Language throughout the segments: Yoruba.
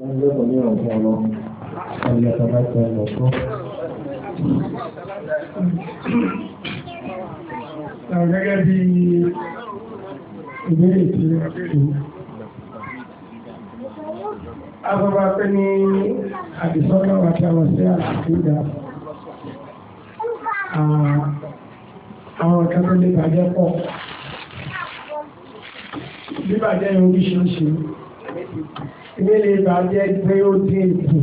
lẹ́gbẹ̀ẹ́ ní ọ̀gbọ́n lọ ẹ̀yẹ tọ́lá ti ẹ̀ lọ tó. Gẹ́gẹ́ bí ìbéèrè tí wọ́n béèrè mú. Afọ́bá pé ní àdìsọ́nà àti àwọn sí àdìdá. Àwọn ọ̀kan lè bàjẹ́ pọ̀. Bíbàjẹ́ yóò bí ṣe ń ṣe ìgbélé ìbàjẹ́ pé ó dín ìkù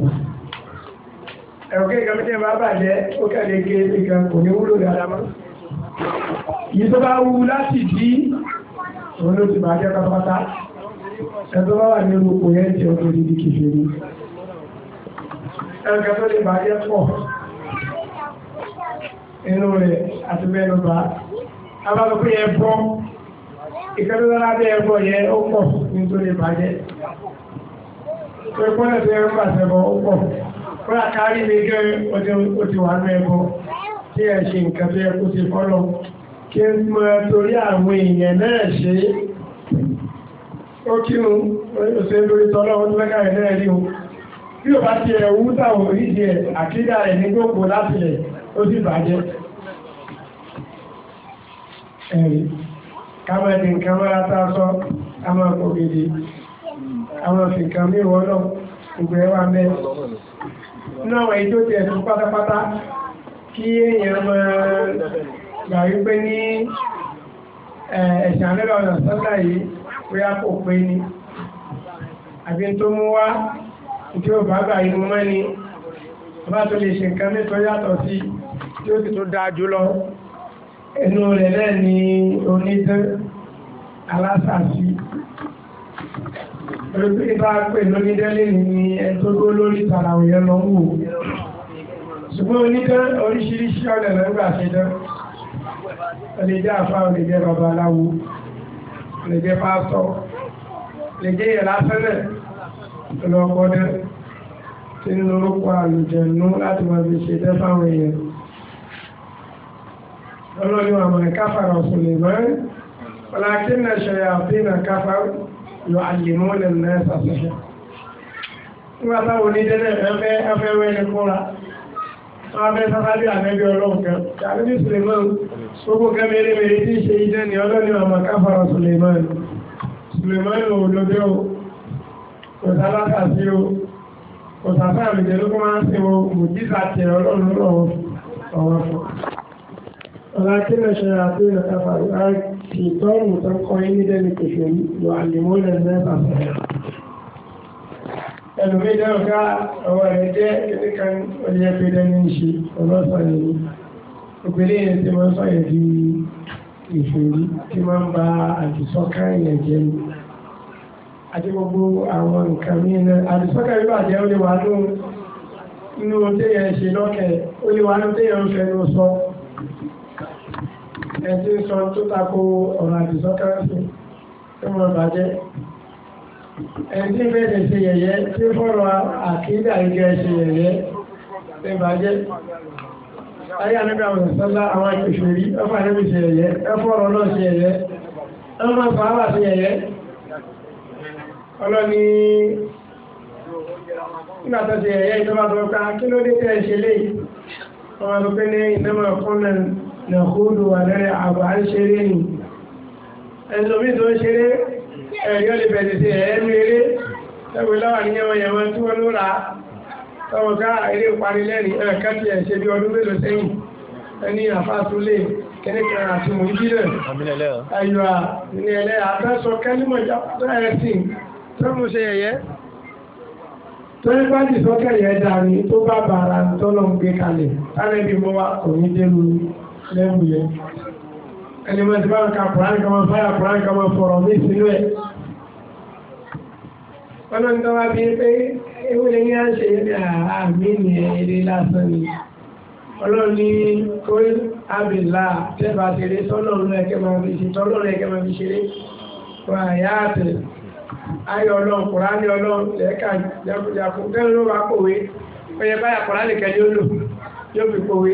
ẹ̀rọ̀kẹ́ ìgbàmítẹ́ bá bàjẹ́ ó kẹ́lẹ̀ gé ìgbà kò ní wúlò dáadáa mọ́ yìí tó bá wú láti dí òun ló ti bàjẹ́ pátápátá ẹ̀tọ́ bá wà ní orúkọ yẹn ti ọdún ìdí kìfì ní ẹ̀rọ̀kẹ́ tó lè bàjẹ́ pọ̀ inú rẹ̀ àti mẹ́nu bá abájọ́ pé ẹ̀bọ́ ìkẹ́lẹ́dára bẹ́ẹ̀ ẹ̀bọ́ yẹn ó pọ̀ nítorí bàjẹ́ pé pọ́nà tó yẹ kó àṣẹbọ ó pọ̀ mi gẹ́ ti wà ní ẹbọ tí ẹ ṣe nǹkan tó ti fọ́lọ kí n mọ torí àwọn èèyàn náà ṣe é ó kírun ó ṣe tọ́lọ́ náà rí o bí o bá tiẹ̀ wú sọ ká máa kó àwọn ọ̀sìnkà mi wọ́n lọ gbogbo ẹ̀ wà mẹ́. nínú àwọn èyí tó ti ẹ̀sùn pátápátá kí èèyàn máa gbà wípé ní ẹ̀sìn àlẹ́lẹ̀ ọ̀nà sọ́dà yìí bóyá kò pé ni àbí tó mú wá tí ó bá gbà yìí mú mẹ́ni bá tó lè ṣe nǹkan mẹ́tọ́ yàtọ̀ sí tí ó sì tó dáa jùlọ ẹnu rẹ̀ náà ni alásàásí pẹ̀lú ìbá pè lórí délé ní ẹgbẹ́gbẹ́ lórí tàràwọ̀ yẹn lọ wò ṣùgbọ́n oníkẹ́ oríṣiríṣi ọ̀nà lẹ́gbà ṣe dán ó lè jẹ́ àfáà ó lè jẹ́ babaláwo ó lè jẹ́ pásítọ̀ ó lè jẹ́ yẹ̀lá fẹ́lẹ̀ lọ́kọ́dẹ́ tí ń lórúkọ àlùjẹ̀nú láti máa fi ṣe dẹ́ fáwọn èèyàn ọlọ́run àmọ̀ káfàrà ọ̀sùn lè mọ́ ọ́n ọ̀làkínà ṣẹ̀yà àfihàn yọ àlèmọ́ lẹ́nu náà ṣàṣẹṣẹ. nígbà táwọn onídẹ́lẹ̀ ẹfẹ́ ẹfẹ́ wẹ́ni kóra wọ́n fẹ́ sáfájú àmẹ́bí ọlọ́run kan àbíbí Suleiman gbogbo kan mèrè mèrè tí ń ṣe idẹ́ ni ọlọ́ni ọmọ káfàrà Suleiman Suleiman ò lóde o kò sálákà sí o kò sáfà àmìjẹ ló kó máa ń ṣe o kò jísà tẹ ọlọ́run lọ́wọ́ ọ̀wọ́ fún ọ̀là kí lè ṣe àti ìlú káfàrà الشيطان وتلقى يد الكشري يعلمون الناس السحر ẹlòmíì náà ká ọwọ́ rẹ̀ jẹ́ kíní kan ọdún yẹn pé dání ń ṣe ọba sọ̀rọ̀ yìí obìnrin yẹn ti máa ń sọ̀rọ̀ di ìfòrí tí máa ń ba àdìsọ́ká yẹn jẹ́ ni àti gbogbo àwọn nǹkan míì náà àdìsọ́ká yìí bàjẹ́ ó lè wà lóhun inú téèyàn ṣe lọ́kẹ̀ẹ́ ó sọ ẹtí sọ tó tako ọ̀rọ̀ àdìsọ́kẹ́rẹ́sì tó mọ̀ bàjẹ́ ẹtí bẹ̀rẹ̀ ṣe yẹ̀yẹ́ tí fọ́rọ̀ àkídà ìgbẹ́ ṣe yẹ̀yẹ́ tó bàjẹ́ ayé anábì àwọn ìsọ́lá àwọn ìṣòrí ẹfọ́ anábì ṣe yẹ̀yẹ́ ẹfọ́rọ̀ náà ṣe yẹ̀yẹ́ ẹfọ́ fàábà ṣe yẹ̀yẹ́ ọlọ́ni nígbà tó ṣe yẹ̀yẹ́ ìjọba tó ká ah, kí ló dé tẹ́ ṣe léyìí ọmọ tó pé ní ìdámọ̀ fúnnẹ̀ nàkúrò wà lẹ́rẹ̀ àbá ń ṣeré nì ẹlòmí tó ń ṣeré ẹ̀yọ́ lè bẹ̀rẹ̀ sí ẹ̀ẹ́nu eré ẹgbẹ̀ láwà ní yẹmọ̀yẹmọ̀ tí wọ́n ló ra tọmọ ká eré parí lẹ́rìn ẹ̀ka ti ẹ̀ ṣe bí ọdún mélòó sẹ́yìn ẹni àfàtúlé kẹ́nìkan àti mòjìlẹ̀ ayọ̀ ní ẹlẹ́ àtẹ́sọ kẹ́límọ̀ ẹ̀sìn tó mú ṣe yẹyẹ torí bá ti sọ́kẹ̀ yẹn dàrí tó bá bàrà tọ́lọ́ ń gbé kalẹ̀ tálẹ́bí mọ́ wa kò ní dé lórí lẹ́bù yẹn ẹni mọ̀ tí bá ń ka kùránì kan máa fáyà kùránì kan máa fọ̀rọ̀ mí sínú ẹ̀ wọn ń tọ́wá bíi pé ewé ní à ń ṣe ní àmì ní eré lásán ni ọlọ́run ní kó abìlà tẹ́fà ṣeré tọ́lọ́run ẹ̀kẹ́ máa fi ṣe tọ́lọ́run ẹ̀kẹ́ máa fi ṣeré wà yá àtẹ̀ ayọ̀ ọlọ́run kùránì ọlọ́run lẹ́ẹ̀ka jákujàku kẹ́rin ló bá kòwé ó yẹ báyà kùránì kẹ́ni ó lò yóò fi kòwé.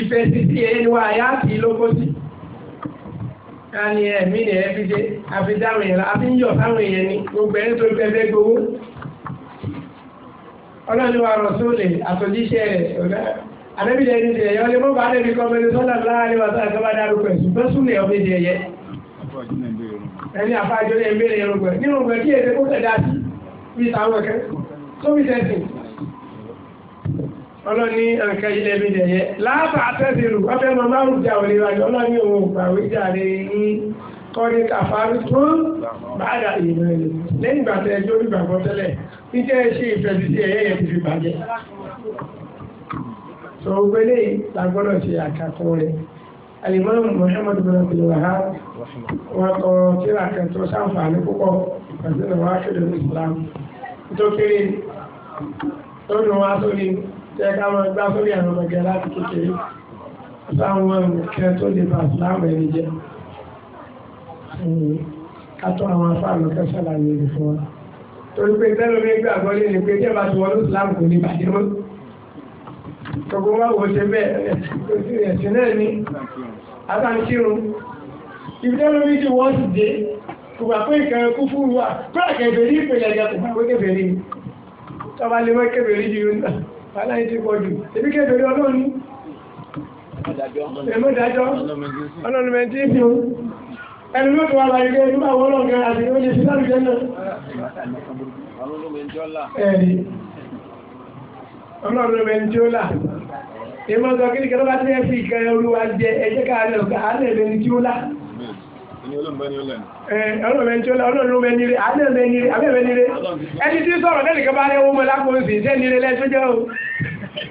ìfẹ̀sìtì ẹni wa àyà àti ìlógójì káni ẹ̀mí ni ẹ fi ṣe àfi dáhùn yẹn la àfi ń yọ̀ sáwọn èèyàn ni gbogbo ẹni tó gbẹgbẹ gbowó ọlọ́ni wa rọ̀ sóòlè àtòjíṣẹ́ rẹ̀ ọ̀gá àdébìlẹ̀ ẹni tẹ̀ yọ lé mọ́ba àdébì kan mẹ́rin sọ́nà láàrin wa sáà sábà dárúkọ ẹ̀sùn bẹ́ẹ̀ sùn lè ọmọ ìdí ẹ̀yẹ. ẹni àfáàjọ ọlọ́ni ẹ̀ka ilẹ̀ mi dẹ̀yẹ láàbà àtẹ́sìrù ọbẹ̀ mọ márùn jà òní wájú ọlọ́ni òun ògbàwé jàre yín kọ́ni kàfárí tó bàdà ìmọ̀ ẹ̀lẹ́ lẹ́yìn ìgbà tẹ̀ ẹjọ́ ìgbàgbọ́ tẹ́lẹ̀ níjẹ́ ṣe ìfẹ̀sìtì ẹ̀yẹ yẹn ti fi bàjẹ́. sọ gbélé làgbọ́dọ̀ ṣe àkàtọ́ rẹ̀ alimami muhammadu bin abdul tó ní tẹ́ ká máa gbá sórí àwọn ọmọge láti kékeré láwọn ẹ̀kẹ́ tó lè bá láwọn ẹni jẹ́ kátọ́ àwọn afáàlú kẹsàlá yìí lè fún wa torí pé tẹ́lẹ̀ mi gbàgbọ́ lé ní pé tí ẹ bá ti wọ́n ló sùlámù kò ní bàjẹ́ mọ́ gbogbo wa wò ṣe bẹ́ẹ̀ ẹ̀sìn náà ni àtàǹkírun ibi tẹ́lẹ̀ mi ti wọ́n sì dé kùgbà pé ìkẹrẹ kú fún wa kó àkẹ́bẹ̀rí ìpìlẹ̀ ẹ̀jẹ̀ kùgbà pé kẹfẹ̀rí tọ́ba lè mọ́ kẹfẹ̀rí yìí náà. aláyé ti pọ̀ ebi kébèrè ọlọ́run ẹ̀mọ́ ìdájọ́ ọlọ́run mẹ́tí ń fún ẹni ló tó wà láyé gẹ́ nígbà wọ́n lọ gan àti ó lè fi lálùjẹ́ náà ẹ̀rí ọlọ́run mẹ́tí ó là ìmọ̀ sọ kí ni kẹ́lọ́ bá ti fi ìkẹ́ olúwa jẹ ẹjẹ́ káàárẹ̀ ọ̀gá àárẹ̀ ẹni tí sọ̀rọ̀ lẹ́nìkan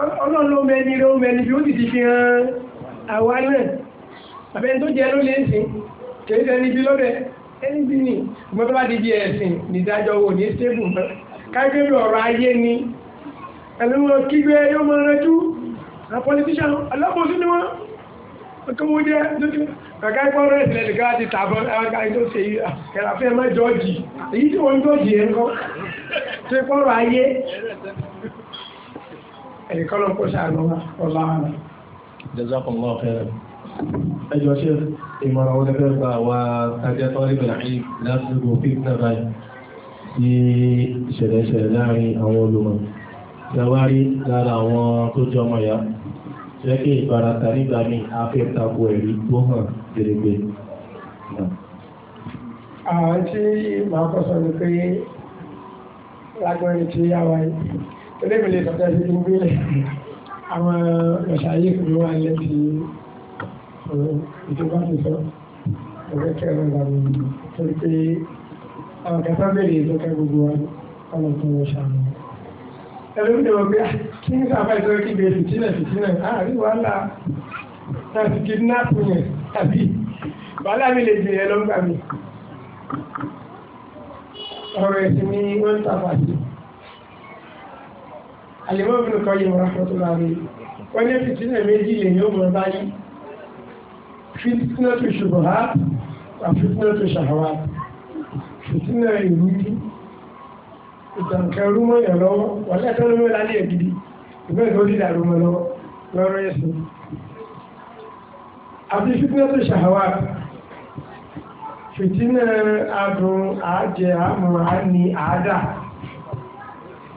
ọlọ́run ló mẹ́ni ló mẹ́ni bí ó ti ti fi hàn àwa náà àbẹ́ni tó jẹ́ ló lè sìn kìí sẹ́ni bí lọ́bẹ̀ ẹni bí ni mo tó bá di bí ẹ̀sìn nídájọ́ wo ní stable mọ́ kágbé ọ̀rọ̀ ayé ni ẹlẹ́wọ̀n kígbé yóò mọ rẹjú àwọn politician alábòsí ni wọ́n kọ́wọ́ jẹ́ lójú kàkà ẹ̀kọ́ rẹ̀ sílẹ̀ nìkan láti tàbọ̀ ẹ̀ka tó ṣe ẹ̀rà fẹ́ mọ́ jọ́ọ̀jì èyí tí wọ́n ń jọ́ọ̀jì ẹ̀yìnkọ́ ló ń kó sàánú ọ̀la àná. jazakumullahu khairan ẹjọ́ ṣe ìmọ̀ràn wọn fẹ́ gba àwa ajẹ́ tọ́lá ìbẹ̀rẹ̀ àyè lásìkò fífúnà báyìí tí ìṣẹ̀lẹ̀ ìṣẹ̀lẹ̀ láàrin àwọn olùmọ̀ ìjọwárí lára àwọn tó jọ ọmọ ìyá jẹ́ kí ìbarata nígbà míì a fi ń tako ẹ̀rí tó hàn gbèrègbè. àwọn tí màá kọ́ sọ ni pé lágbẹ́rin tí yá wáyé eléyìí lè sọ̀tẹ́ sí ń gbé àwọn ọ̀ṣàyè kò wá lẹ́bi ìjọba ti sọ ọ̀rẹ́ kẹrọ làwọn torí pé àwọn kẹta bèrè ìjọba gbogbo wa ọ̀nà tó wọ́n ṣàmù. ẹlẹ́yìn lè wọ́n pé kí ní sábà ìjọba kí bèrè fìtínà fìtínà àárín wàhálà náà ti kidnap yẹn tàbí wàhálà mi lè jìyẹ lọ́gbà mi. ọ̀rọ̀ ẹ̀sìn ni wọ́n ń tàbà sí àlèmọ́ mi nìkan yìí wọ́n fọ́tò láàrin wọ́n ní fìtínà méjì lè ní òmùrán báyìí fìtínà tó ṣubọ̀ ha wà fìtínà tó ṣàwà fìtínà ìlú ìtànkẹ́ rúmọ̀ yẹn lọ́wọ́ wọ́n lẹ́tọ́ lómi lálẹ́ gidi ìgbẹ́ ìlú dídà rúmọ̀ lọ́wọ́ lọ́rọ̀ ẹ̀sìn àti fìtínà tó ṣàwà fìtínà adùn àjẹ àmọ̀ àní àádà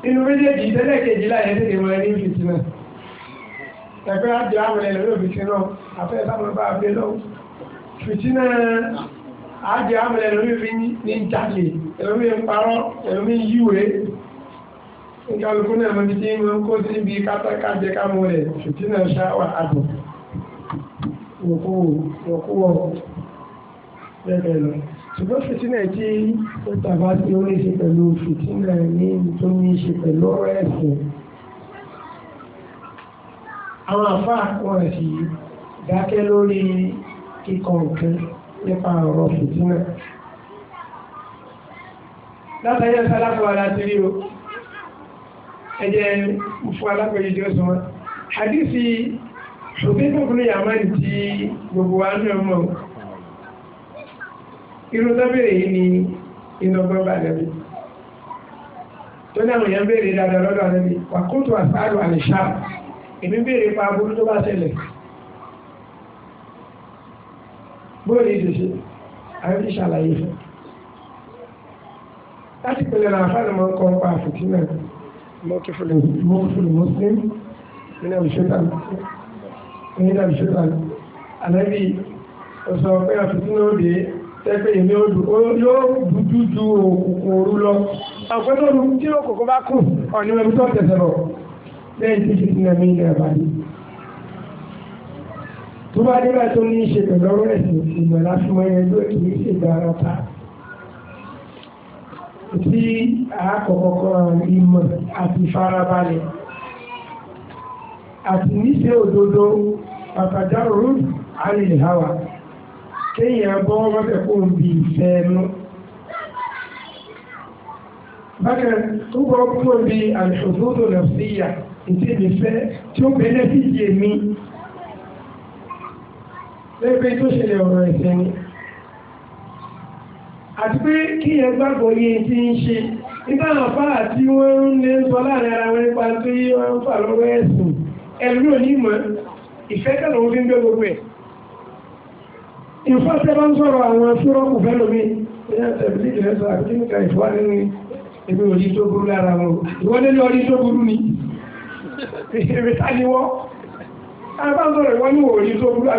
inú méjèèjì tẹ́lẹ̀ kejì láyé tètè mọ ẹni fìtì náà ẹgbẹ́ àjọ àwọn ẹlẹ́ ló fìtì náà afẹ́ sáwọn bá abẹ́ lọ́wọ́ fìtì náà àjọ àwọn ẹlẹ́ ló fi ní jalè ẹlòmí ń parọ́ ẹlòmí ń yíwèé nkálukú náà mo ti tí mo ń kó sí ibi kátákájẹ kámú rẹ̀ fìtì náà ṣáwà àbọ̀ òkú òkú wọ̀ bẹ́ẹ̀ bẹ́ẹ̀ lọ ṣùgbọ́n fìtínà tí ó tàbá tí ó ní ṣe pẹ̀lú fìtínà ní tó ní ṣe pẹ̀lú ọ̀rọ̀ ẹ̀sìn àwọn àfáà wọn sì dákẹ́ lórí kíkọ nǹkan nípa ọ̀rọ̀ fìtínà látàrí ẹ̀sán aláfọwọ́ láti rí o ẹ̀jẹ̀ fún alápẹ̀jẹ̀ tí ó sọ wọn àdìsí ṣùgbọ́n tó kúrò ti gbogbo wa náà mọ̀ irú tó béèrè yìí ni inú ọgbọ́n bá lẹ́bi tó ní àwọn èèyàn béèrè dáadáa lọ́dọ̀ lẹ́bi wà kó tó àfáàlù àlìṣà èmi béèrè pa aburú tó bá ṣẹlẹ̀ bóyá ìdòṣe àwọn ti ṣàlàyé fún láti pèlè làǹfààní mọ́ kọ́ pa àfòkínà mọ́kífúlù mọ́sílẹ̀ nínú àbíṣẹ́ta nínú àbíṣẹ́ta àlẹ́bí ọ̀sán pé àfòkínà ó dé tẹ́gbẹ́ ìní odò yóò dúdú ju òkùnkùn òru lọ. ọ̀pẹ́ tó rú tí òkùnkùn bá kù ọ̀nì ẹbí tó tẹ̀sẹ̀ bọ̀ lẹ́yìn tí kìí sinmi ní ẹ̀bà ni. tó bá dé báyìí tó ní í ṣe pẹ̀lú ọ̀rọ̀ ẹ̀sìn ìgbìmọ̀ lásìmọ́ yẹn ló kì í ṣe gbára ta. tí àákọ̀kọ̀ kan ìmọ̀ àti ìfarabalẹ̀ àti kéèyàn bọ́ mọ́fẹ́ kó ń bi ìfẹ́ ẹnu bákan tó bọ́ kó ń bi àlùfòdòdò lọ sí ìyà ìdí ìfẹ́ tí ó bẹ̀rẹ̀ sí ìdí èmi lẹ́gbẹ̀ẹ́ tó ṣẹlẹ̀ ọ̀rọ̀ ẹ̀sẹ̀ ni àti pé kíyàn gbàgbọ́ yé ti ń ṣe nígbà àpá àti wọ́n ń lé sọ láàrin ara wọn nípa tí wọ́n ń fà lọ́wọ́ ẹ̀sùn ẹ̀rú ò ní mọ̀ ìfẹ́ kẹ́lọ́ fi ń gbé gbogbo ẹ̀ ìfọ́ tẹ́ bá ń sọ̀rọ̀ àwọn fúrọ́pù fẹ́lómi ẹ̀yà tẹ̀bílì ìrẹsà àti níka ìfọ́ nínú ibi òjì tó burú lára wọn ìwọ́n nílé orí tó burú ni èmi ta ni wọ́n bá ń sọ̀rọ̀ ìwọ́n ní orí ọgbọ́n yé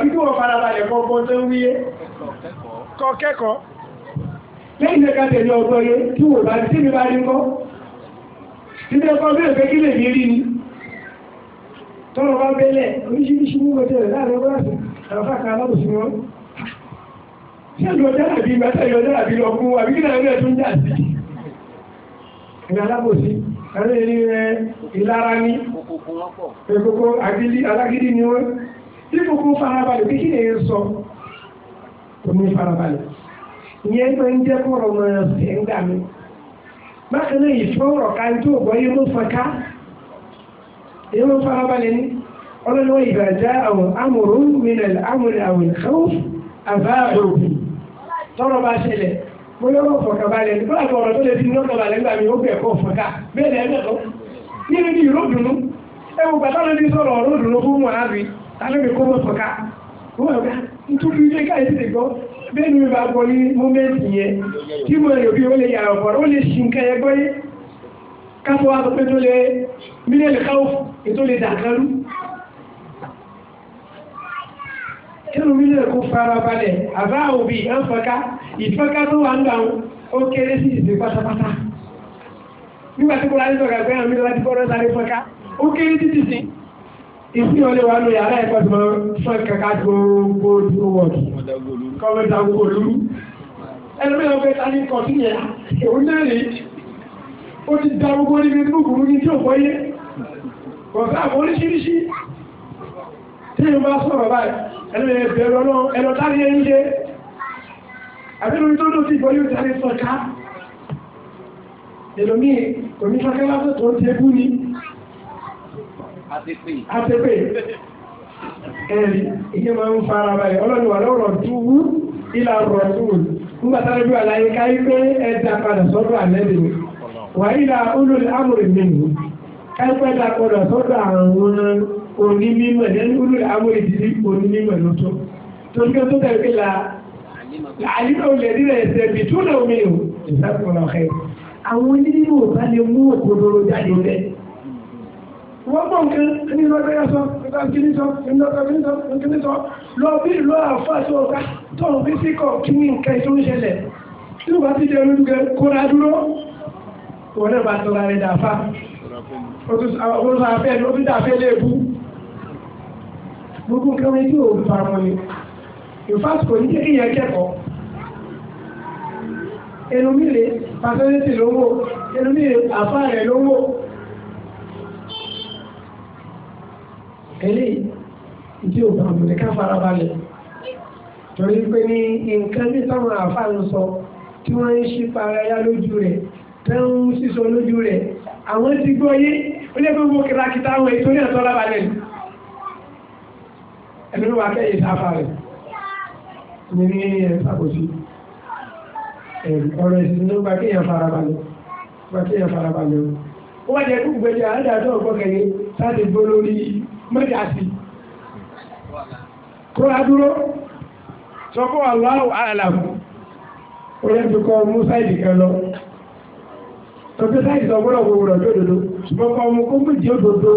tí wò bá tí tí ó lọ dára bí bàtà yọ dára bí lọ́gbọ́n àbí kí náà tún dà sí. ẹ̀rọ alábòsí ẹ̀rọ ẹni rẹ ìlara ní ẹ̀kọ́kọ́ àgídí alágídí ni wọ́n tí kòkó farabalẹ̀ bí kí ni èyí sọ kò ní farabalẹ̀ ìyẹn máa ń jẹ́ kọ́rọ̀ máa ṣe ń gbà ọlọ́lọ́wọ́ ìbàjá àwọn amòrò mìíràn amòrò àwọn ìkàwọ́ àbá àròkùn tọ́rọ̀ bá ṣẹlẹ̀ mo lọ́wọ́ fọ̀kànbalẹ̀ nípa àwọn ọ̀rọ̀ tó lè fi iná kọ̀ọ̀balẹ̀ nígbà mi ó bẹ̀ kọ́ fọ̀kà bẹ́ẹ̀ lẹ́ẹ̀ lọ́tọ́ nínú ní ìró dùnú ẹ wo gbàtà lórí sọ̀rọ̀ ọ̀rọ̀ dùnú fún mọ̀hábì tálẹ́mi kó mọ̀ fọ̀kà wọ́n ọ̀gá nítorí ilé káyé ti gbọ́ bẹ́ẹ̀ ni mi bá gbọ́ ní mọ́mẹ́ǹtì yẹn tí mo rò bí ó lè yàrá ọ̀pọ̀ ó lè ṣì nǹkan gbọ́ yé káfọ́ wa pé tó lè mílíọ̀nù káwọ́ ètò lè dà kan kínú mi lè kó farabalẹ̀ àbá òbí ànfọ́ká ìfọ́ká tó wà ń gbà ó kéré sí ìsìn pátápátá nígbà tí kúrò àdìsọ̀gà pé àmì láti bọ́rọ̀ sáré fọ́ká ó kéré sí ti sìn ìsìn ọ̀lẹ́ wà lóye ará ẹ̀kọ́ tó fọ́n kàkà gbogbo dúró wọ̀dù kọ́mẹ́ta gbogbo lúrú ẹlẹ́mẹ́rin ọgbẹ́ ta ní kọ̀ọ̀tún yẹn òun náà rèé ó ti da gbogbo ní facebook mú ní tí ò bọ́yé kọ̀ọ̀tún àwọn oríṣiríṣi tí ìlú bá sọ̀rọ̀ báyìí ẹlẹ́bẹ̀rẹ̀ ọlọ́run ẹlọ tárí ẹ̀yìn ṣe àbílùmí tó lò sí ìbọn yóò tàrí sọ̀ká èlòmí omi sọ́kẹ́ lásán tó ń ti ebú ni àtẹ́pẹ́ ẹ̀rí ìyẹ́ máa ń fara balẹ̀ ọlọ́run wà lọ́rọ̀ dúwú ìlà rọ̀tún nígbàtàrí bí àlàyé káyí pé ẹ̀dà padà sọ́dọ̀ àlẹ́bì wà ìlà olùlẹ̀ amòrè mẹ́rin káyí pé ẹ̀dà padà sọ́dọ̀ àwọn òní mímọ̀ nínú àwọn ìdílé òní mímọ̀ ló tó tó ní tó tẹ̀ pé la àlìmọ̀ olèdí rẹ̀ ṣe bí tó lọ mi ò ìsàkùnrin ọ̀hẹ́ àwọn onímọ̀ ò bá lè mú òkodoro jáde rẹ̀ wọ́n mọ̀ nǹkan ní lọ́dọ̀ yà sọ kíní sọ kíní sọ kíní sọ lọ bí lọ àfa sọ ọ̀gá tó ń fi síkọ̀ kí ní nǹkan tó ń ṣẹlẹ̀ tí ó bá ti jẹ́ olódùgẹ kóra dúró wọn náà bá tọ́ra rẹ̀ dàfa ó tún sọ àfẹ́ lé ebú gbogbo kẹrin tí ò bá wọn ni ìfàsì kò ní jẹ́ kí yẹn kẹ́kọ̀ọ́ ẹlòmíre pàṣẹ́lẹ́tì lówó ẹlòmíre àfáà rẹ̀ lówó eléyìí tí ò bá wọn ni ká farabalẹ̀ torí pé ní nǹkan tí táwọn àfáà ń sọ tí wọ́n ń ṣí paraya lójú rẹ̀ tẹ́hún sísọ lójú rẹ̀ àwọn ti gbọ́ yé ó lé gbogbo kìlákìtà àwọn ètò ní àtọ́lábalẹ̀ ẹni ló wà kẹ́yìn sáfà rẹ̀ ní ní ẹ̀ sàkóso ọ̀rọ̀ ìsinmi ló bá kéèyàn farabalẹ̀ bá kéèyàn farabalẹ̀ o ó wá jẹ́ kó gbẹ̀jẹ̀ àádọ́tọ̀ ọ̀gbọ́kẹ̀yẹ sáàtì gbó lórí mẹ́tàsí kó a dúró sọ fún Allahu a'lam orí ti kọ́ mú sáìdì kan lọ tọ́jú sáìdì sọ gbọ́dọ̀ gbogbo rẹ̀ tó dodo ṣùgbọ́n kọ́ mú kó méjì ó dodo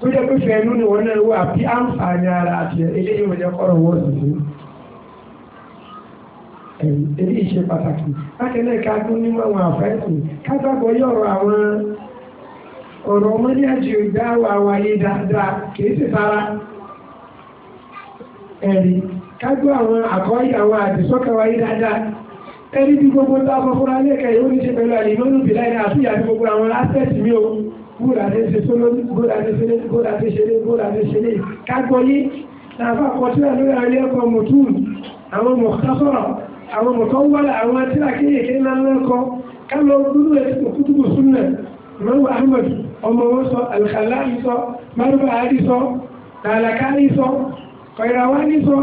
tó jẹ́ pé fẹ́ẹ́nú ni wọ́n náà wà bí àǹfààní ara àti eléyìí wọ́n jẹ́ kọ́rọ̀ wọ́n sì fún eléyìí ṣe pàtàkì lákẹ́lẹ́ ká tún nínú àwọn àfẹ́sùn kásábọ̀ yọ̀rọ̀ àwọn ọ̀rọ̀ ọmọdé àti ìgbà wà wáyé dáadáa kìí sì sára ẹ̀rí kájú àwọn gbogbo mi o. bóòlù àti ṣe sólórí bóòlù àti ṣe bóòlù àti ṣe bóòlù àti ṣe lè kágbọ́ yé làbá àkọsílẹ̀ lórí alẹ́ ẹ̀kọ́ mùtúùn àwọn mọ̀kásọ̀rọ̀ àwọn mọ̀kọ́ wọlé àwọn tíra kéèké ńlá lọ́kọ́ kálọ̀ dúró ẹ̀sìn òkútùbù súnà mọ́wọ́ ahmed ọmọ wọn sọ alkhalali sọ márùbá adi sọ tàlàkárì sọ kọ̀ìràwá ní sọ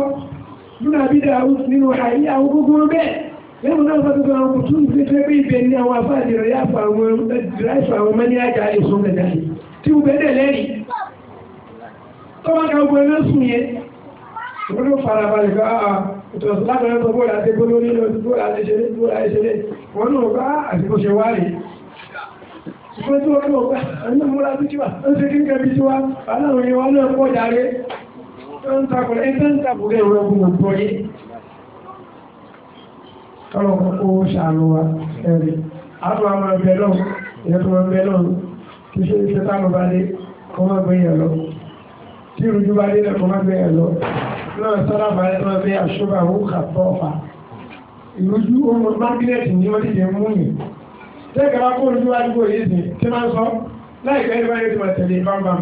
dúnàbídà nínú àyè àwọn gbogbo bẹ́ẹ̀ lẹ́nu náà bá gbogbo àwọn kùtù ní pé pé ibẹ̀ ní àwọn afáàdì rẹ̀ yàfa àwọn dìráìfà àwọn mẹ́ni àjà èso gẹ̀dẹ̀ tí ó bẹ́ẹ̀ lẹ́yìn tọ́wọ́ ká gbogbo ẹ̀rọ sùn yẹn wọ́n ló fara balẹ̀ ká ìtọ̀sọ̀ ah, ah, lágbẹ̀rẹ̀ tó bóòlù àti gbogbo nínú bóòlù àti ìṣẹ̀lẹ̀ bóòlù àti ìṣẹ̀lẹ̀ wọ́n náà bá ah, àsìkò ṣe wá rèé ṣùgbọ́n tí wọ́n lọ bá ẹ̀nà múra tó kíwà ń ṣe kí n kẹbi tí wá aláwọ̀ yẹn wọn náà pọ̀ járe ń takùrẹ̀ ń tẹ́ ń takùrẹ̀ ìwọ̀n ọgbọ̀n pọ̀ yìí kọ́lọ̀ kó ṣàánú wa ẹ̀rí àtúwà máa bẹ lọ́wọ́ ìyẹn tó máa bẹ lọ́wọ́ kí ṣe iṣẹ́ táwọn bá dé kó máa gbé yẹn lọ tí ìrújú bá dé kó máa gbé yẹn lọ náà sọ́dà bá dé máa gbé àṣọ́bà ó kà tọ́ ọ̀fà ìrújú ọmọ mágínẹ́ẹ̀tì ni wọ́n ti jẹ mú yìí tẹ́ẹ̀kẹ́ bá kó ìrújú wá dúró yìí sí tí máa ń sọ láìpẹ́ ní báyìí ti máa tẹ̀lé bámbám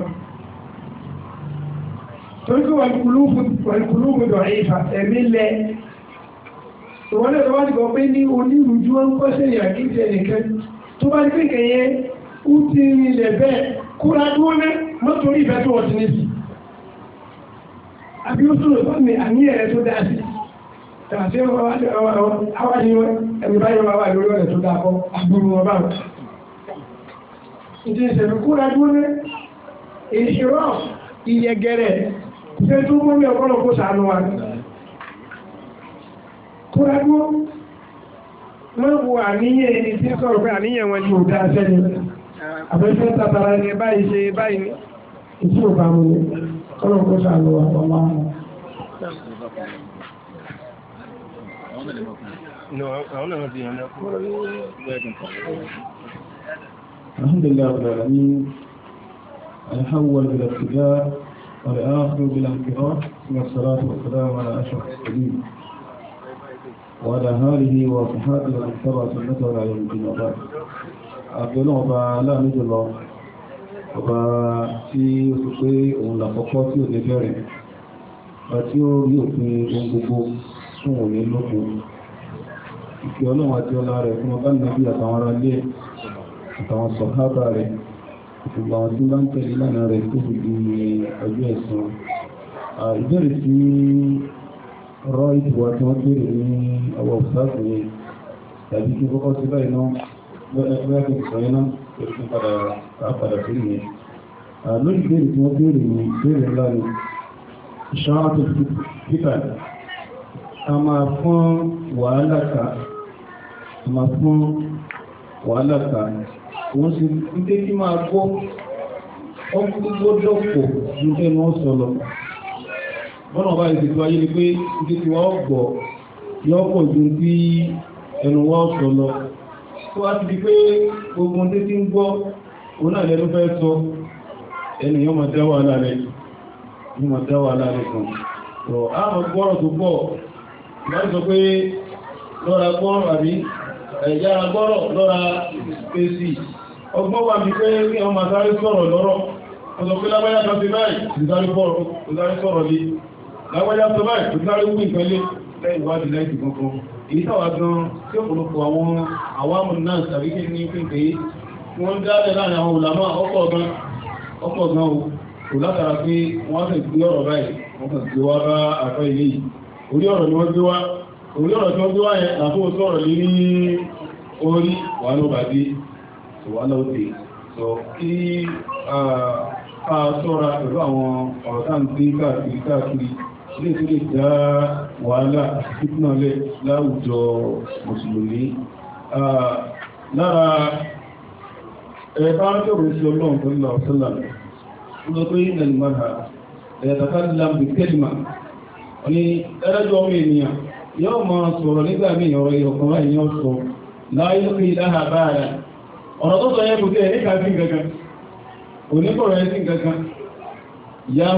ṣùgbọ́n náà wọ́n ti gbọ́ pé ní onírújú wọn kọ́ sẹ́yìn àkíjẹ nìkan tó bá ní pé kẹ̀yẹ ó ti rinlẹ̀ bẹ́ẹ̀ kúra dúró ná mọ́tòrí ìfẹ́ tó wọ́n ti ní sí àbí ó sọ̀rọ̀ bá mi àní ẹ̀rẹ́ tó dáa sí ni ẹ̀mí báyìí wọn wà lórí ọ̀rẹ́ tó dáa kọ́ àbúrú wọn kóra dúró máa wo àníyàn ẹni tí ń sọ̀rọ̀ pé àníyàn wọn ni ò dáa sẹ́ni àbẹ́fẹ́ tatara ni báyìí ṣe báyìí ni ìtí ò bá mu ni ọlọ́run kó sàlù الحمد لله رب العالمين الحول إلى الاتجاه والآخر بالانفراد والصلاة والسلام على أشرف السبيل وعلى آله وصحابه ومن تبع سنته ولا يوم الدين وبعد àbẹ̀lọ́ ọba aláàánú jùlọ ọba tí ó sọ pé òun làkọ́kọ́ tí ò ní bẹ̀rẹ̀ ọba ó rí òfin ohun gbogbo fún òní lóko ìfẹ́ ọlọ́run àti ọlá rẹ̀ fún ọba nàbí àtàwọn ará ilé àtàwọn sọ̀hábà rẹ̀ ìgbà wọn tí bá tẹ̀lé lánàá rẹ̀ tó fi di ọjọ́ ẹ̀san ìbẹ̀rẹ̀ tí rọ ìdìbò àti wọ́n bèèrè ní ọwọ́ òṣìṣàkù yìí tàbí kí kọ́kọ́ sí báyìí náà bẹ́ẹ̀ kí sọ iná èsì padà káàpadà sí ìyẹn lórí bèèrè tí wọ́n bèèrè ní bèèrè ńlá ni ṣáàtò pípà a máa fún wàhálà ká a máa fún wàhálà ká wọ́n sì ń dé máa gbọ́ ọkùnrin gbọ́dọ̀ pọ̀ ju ẹnu ọ̀sán lọ bọ́nà ọba ìṣètò ayé ni pé ibi tí wọ́n gbọ́ yọ́pọ̀ ju bí ẹnu wọn sọ lọ tó wá ti di pé gbogbo ohun tí ń gbọ́ òun náà lẹ́nu fẹ́ sọ ẹnu yóò máa dá wàhálà rẹ̀ yóò máa dá wàhálà rẹ̀ kan tó àwọn gbọ́rọ̀ tó pọ̀ láti sọ pé lọ́ra gbọ́rọ̀ àbí ẹ̀yára gbọ́rọ̀ lọ́ra pèsè ọgbọ́n wà ní pé ní ọmọ àtàrí sọ̀rọ̀ lọ́rọ̀ ọ̀sọ̀ pé lábáyà kan ti báyìí ìdárí sọ̀rọ̀ lágbájá tó báyìí tó dárí wí ìpẹ́lẹ́ lẹ́yìn ìwádìí lẹ́yìn kankan èyí tàwa gan tí ọ̀pọ̀lọpọ̀ àwọn àwámù náà tàbí kí ní pínpé wọ́n dálẹ̀ láàrin àwọn òlàmọ́ ọ̀pọ̀ gan o kò látara pé wọ́n fẹ́ gbé ọ̀rọ̀ báyìí wọ́n kàn gbé wá bá àfẹ́ ilé yìí orí ọ̀rọ̀ ni wọ́n gbé wá orí ọ̀rọ̀ tí wọ́n gbé wá yẹn o sọ̀rọ̀ lé ní orí wà ló bá dé wà ló dé sọ kí a sọ́ra pẹ̀lú àwọn ọ̀rọ̀ táǹtì káàkiri káàkiri ní ìtúlẹ̀ dá wàhálà fitna lẹ láwùjọ mùsùlùmí lára ẹ̀bá lọ́rọ̀ sí ọlọ́run tó ń lọ sọ́là ilẹ̀ ìmọ̀ra ẹ̀yàtàkà lambi kẹ́lìmà n'i ya ọmọ ènìyàn yóò máa sọ̀rọ̀ nígbà mí ọ̀rọ̀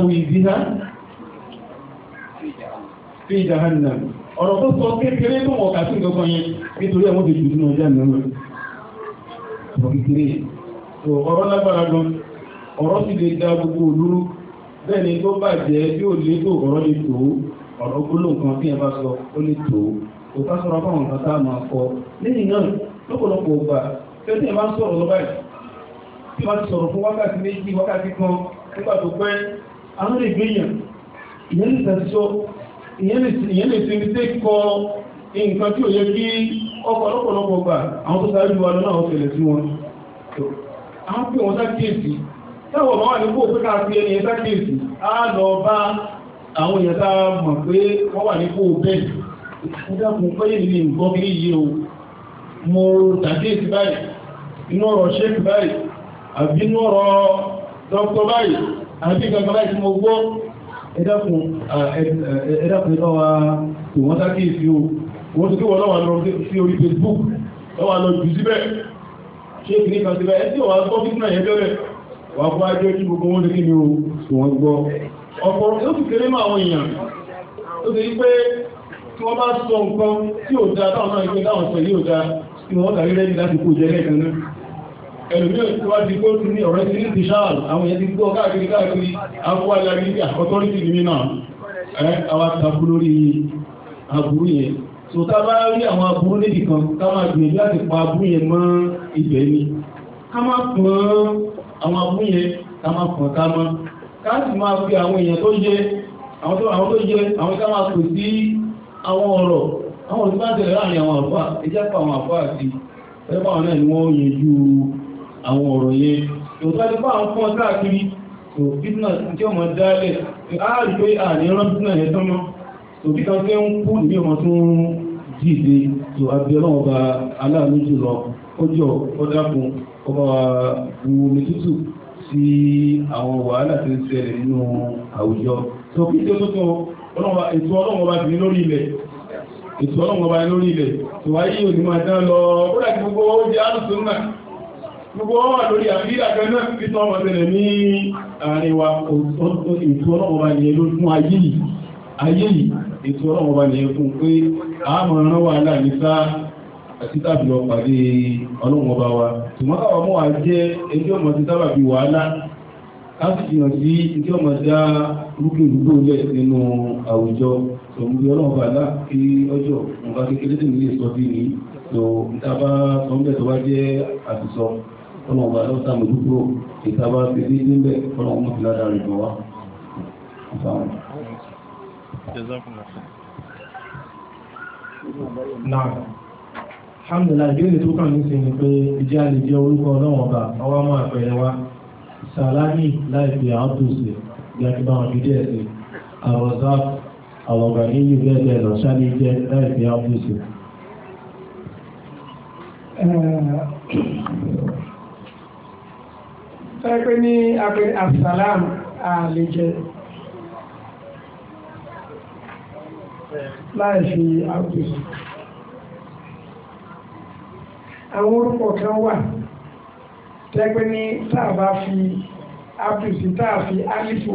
yóò sọ fi jahannam ọ̀rọ̀ tó sọ kékeré tó wọ̀ kàtí nǹkan yẹn nítorí àwọn òjòjì nínú ọjà náà ọ̀rọ̀ kékeré ọ̀rọ̀ lágbára gan ọ̀rọ̀ sì lè da gbogbo olúrú bẹ́ẹ̀ ni tó bàjẹ́ yóò létò ọ̀rọ̀ lè tó ọ̀rọ̀ gbólóǹkan tí ẹ bá sọ ó lè tó kò ká sọ̀rọ̀ fáwọn nǹkan tá a máa kọ lẹ́yìn náà lọ́pọ̀lọpọ̀ ọgbà tẹ́tẹ́ máa ń sọ̀rọ̀ lọ báyìí tí wọ́n ti sọ̀rọ̀ fún wákàtí méjì wákàtí kan nígbà tó pẹ́ àwọn lè gbéyàn ìyẹn lè tẹ̀síọ́ ìyẹn lè fi ṣe kọ nǹkan tí ò yẹ kí ọ̀pọ̀lọpọ̀lọpọ̀ gbà àwọn tó sáré wà lọ́nà àwọn tẹ̀lẹ̀ sí wọn àwọn pè wọn sákèèsì táwọn ọmọ wà ní káàkiri ẹni ẹ sákèèsì lọ bá àwọn mọ̀ pé wọ́n wà ní ẹ̀dàkùn ẹ̀dàkùn lọ́wọ́ ìwọ́n sáké ìfi o wọ́n ti kí wọ́n lọ́wọ́ lọ sí orí Facebook lọ́wọ́ lọ jù síbẹ̀ ṣé kìíní kan síbẹ̀ ẹ wọ́n gbọ́ fífúnà yẹn bẹ̀rẹ̀ wà fún ajé ojú gbogbo wọn lókè ní o wọ́n gbọ́ ọ̀pọ̀ ó sì kéré mọ́ àwọn èèyàn ó ti pé tí wọ́n bá sọ nǹkan tí ò dáa táwọn náà ń gbé táwọn sọ yìí ò dáa tí wọ́n kàrí rẹ́ni láti kó jẹ lẹ́ẹ̀kan náà ẹlòmí òṣìṣẹ́ ti kó ti ní ọ̀rẹ́ sí ní tìṣáàlù àwọn èyí ti gbọ́ káàkiri káàkiri àwọn alárí àkọ́tọ́rìtì ní náà ẹ àwọn àtàkù lórí aburú yẹn so tá bá rí àwọn aburú níbi kan ká máa gbìyànjú láti pa aburú yẹn mọ́ ibẹ̀ ni ká máa pọ̀n àwọn aburú yẹn ká máa pọ̀n ká mọ́ ká sì máa fi àwọn èèyàn tó jẹ àwọn tó jẹ àwọn ká máa pè sí àwọn ọ̀rọ̀ àwọn olùbáṣẹ̀ láàrin àwọn àfáà ẹjẹ́ pa àwọn àfáà sí ẹgbẹ́ àwọn náà ni wọ́n yẹjú àwọn ọ̀rọ̀ yẹn òtájú bá àwọn fún ọ káàkiri tó bísínà tí ọmọ dálẹ̀ áàrí pé àní rán bísínà yẹn tán mọ́ tó bí kan fẹ́ ń kú ní ọmọ tó ń dìde tó abiola ọba aláàánú jùlọ kọjọ ọdákun ọba bu omi tútù sí àwọn wàhálà tó ń ṣẹlẹ̀ nínú àwùjọ tó kí tí ó tó tó ètò ọlọ́run ọba ti ní lórí ilẹ̀ ètò ọlọ́run ọba ní lórí ilẹ̀ tó wáyé òní máa dán lọ ó dàbí gbogbo ó jẹ́ àlùsùn náà gbogbo wọn wà lórí àbílà kan náà fi tán wọn ní àárín wa ètò ọlọ́mọba nìyẹn ló fún ayé yìí ayé yìí ètò ọlọ́mọba nìyẹn fún pé àmọ̀ rán wà láàrin àti tàbí lọ ọlọ́mọba wa ṣùgbọ́n káwọn mọ́ wa jẹ́ ẹjọ́ ọmọ ti sábà bí wàhálà a sì fihàn sí ẹjọ́ ọmọ dá rúgbìrúgbò lẹ̀ nínú àwùjọ tòmùbí ọlọ́mọba lá kí ọjọ́ nǹkan kékeré tèmi lè sọ bí ní tó ń tábà tó bá jẹ́ àtìsọ kọ́nà ọba ẹ̀rọ sàmójútó ìtaba fi dé níbẹ̀ kọ́nà ọmọ ti ládàá rẹ̀ wá. alhamdulillah ìbéèrè tó kàn ní sí ni pé ìjẹ́ àlè jẹ́ orúkọ ọlọ́wọ́n ọba ọwọ́ máa pẹ̀lẹ́ wa sàlámì láìpẹ́ àádọ́sẹ̀ gbàgbà àwọn ìdí ẹ̀sẹ̀ àwọ̀sá àwọ̀gbà ní ìlú ẹ̀dẹ̀ lọ́sà ní jẹ́ láìpẹ́ àádọ́sẹ̀ pẹ́pẹ́ ní abẹ́ asalam àlejẹ láì fi àgbèsè àwọn orúkọ kan wà pẹ́pẹ́ ní tàbá fi àgbèsè tààfi alifu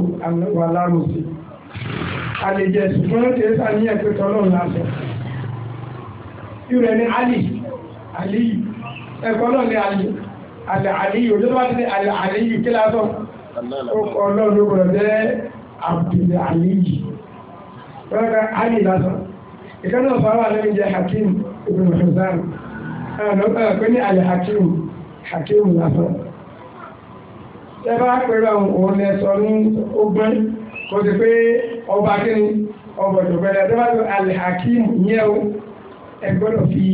wà lárùsí àlejẹ ṣùgbọ́n tẹ́ sàníyàn pé tọ́lọ́run lásán irú ẹni ali ali ẹ̀kọ́ náà ní ali àlàáyù tó bá ti ní àlàáyù kí lásán ó kọ ọlọ́run ló gbọ́dọ̀ jẹ́ àbùdè àlèyí rárá àlè lásán ìkan náà sọ̀rọ̀ àlẹ́ mi jẹ́ hakim ibn Hizam ọ̀nà pé ní àlè hakim hakim lásán tẹ́ bá pẹ̀lú àwọn òun lẹ sọ ní ogbọ́n kò sí pé ọba kíni ọba ìjọba tẹ́ bá pẹ̀lú àlè hakim yẹ́ o fi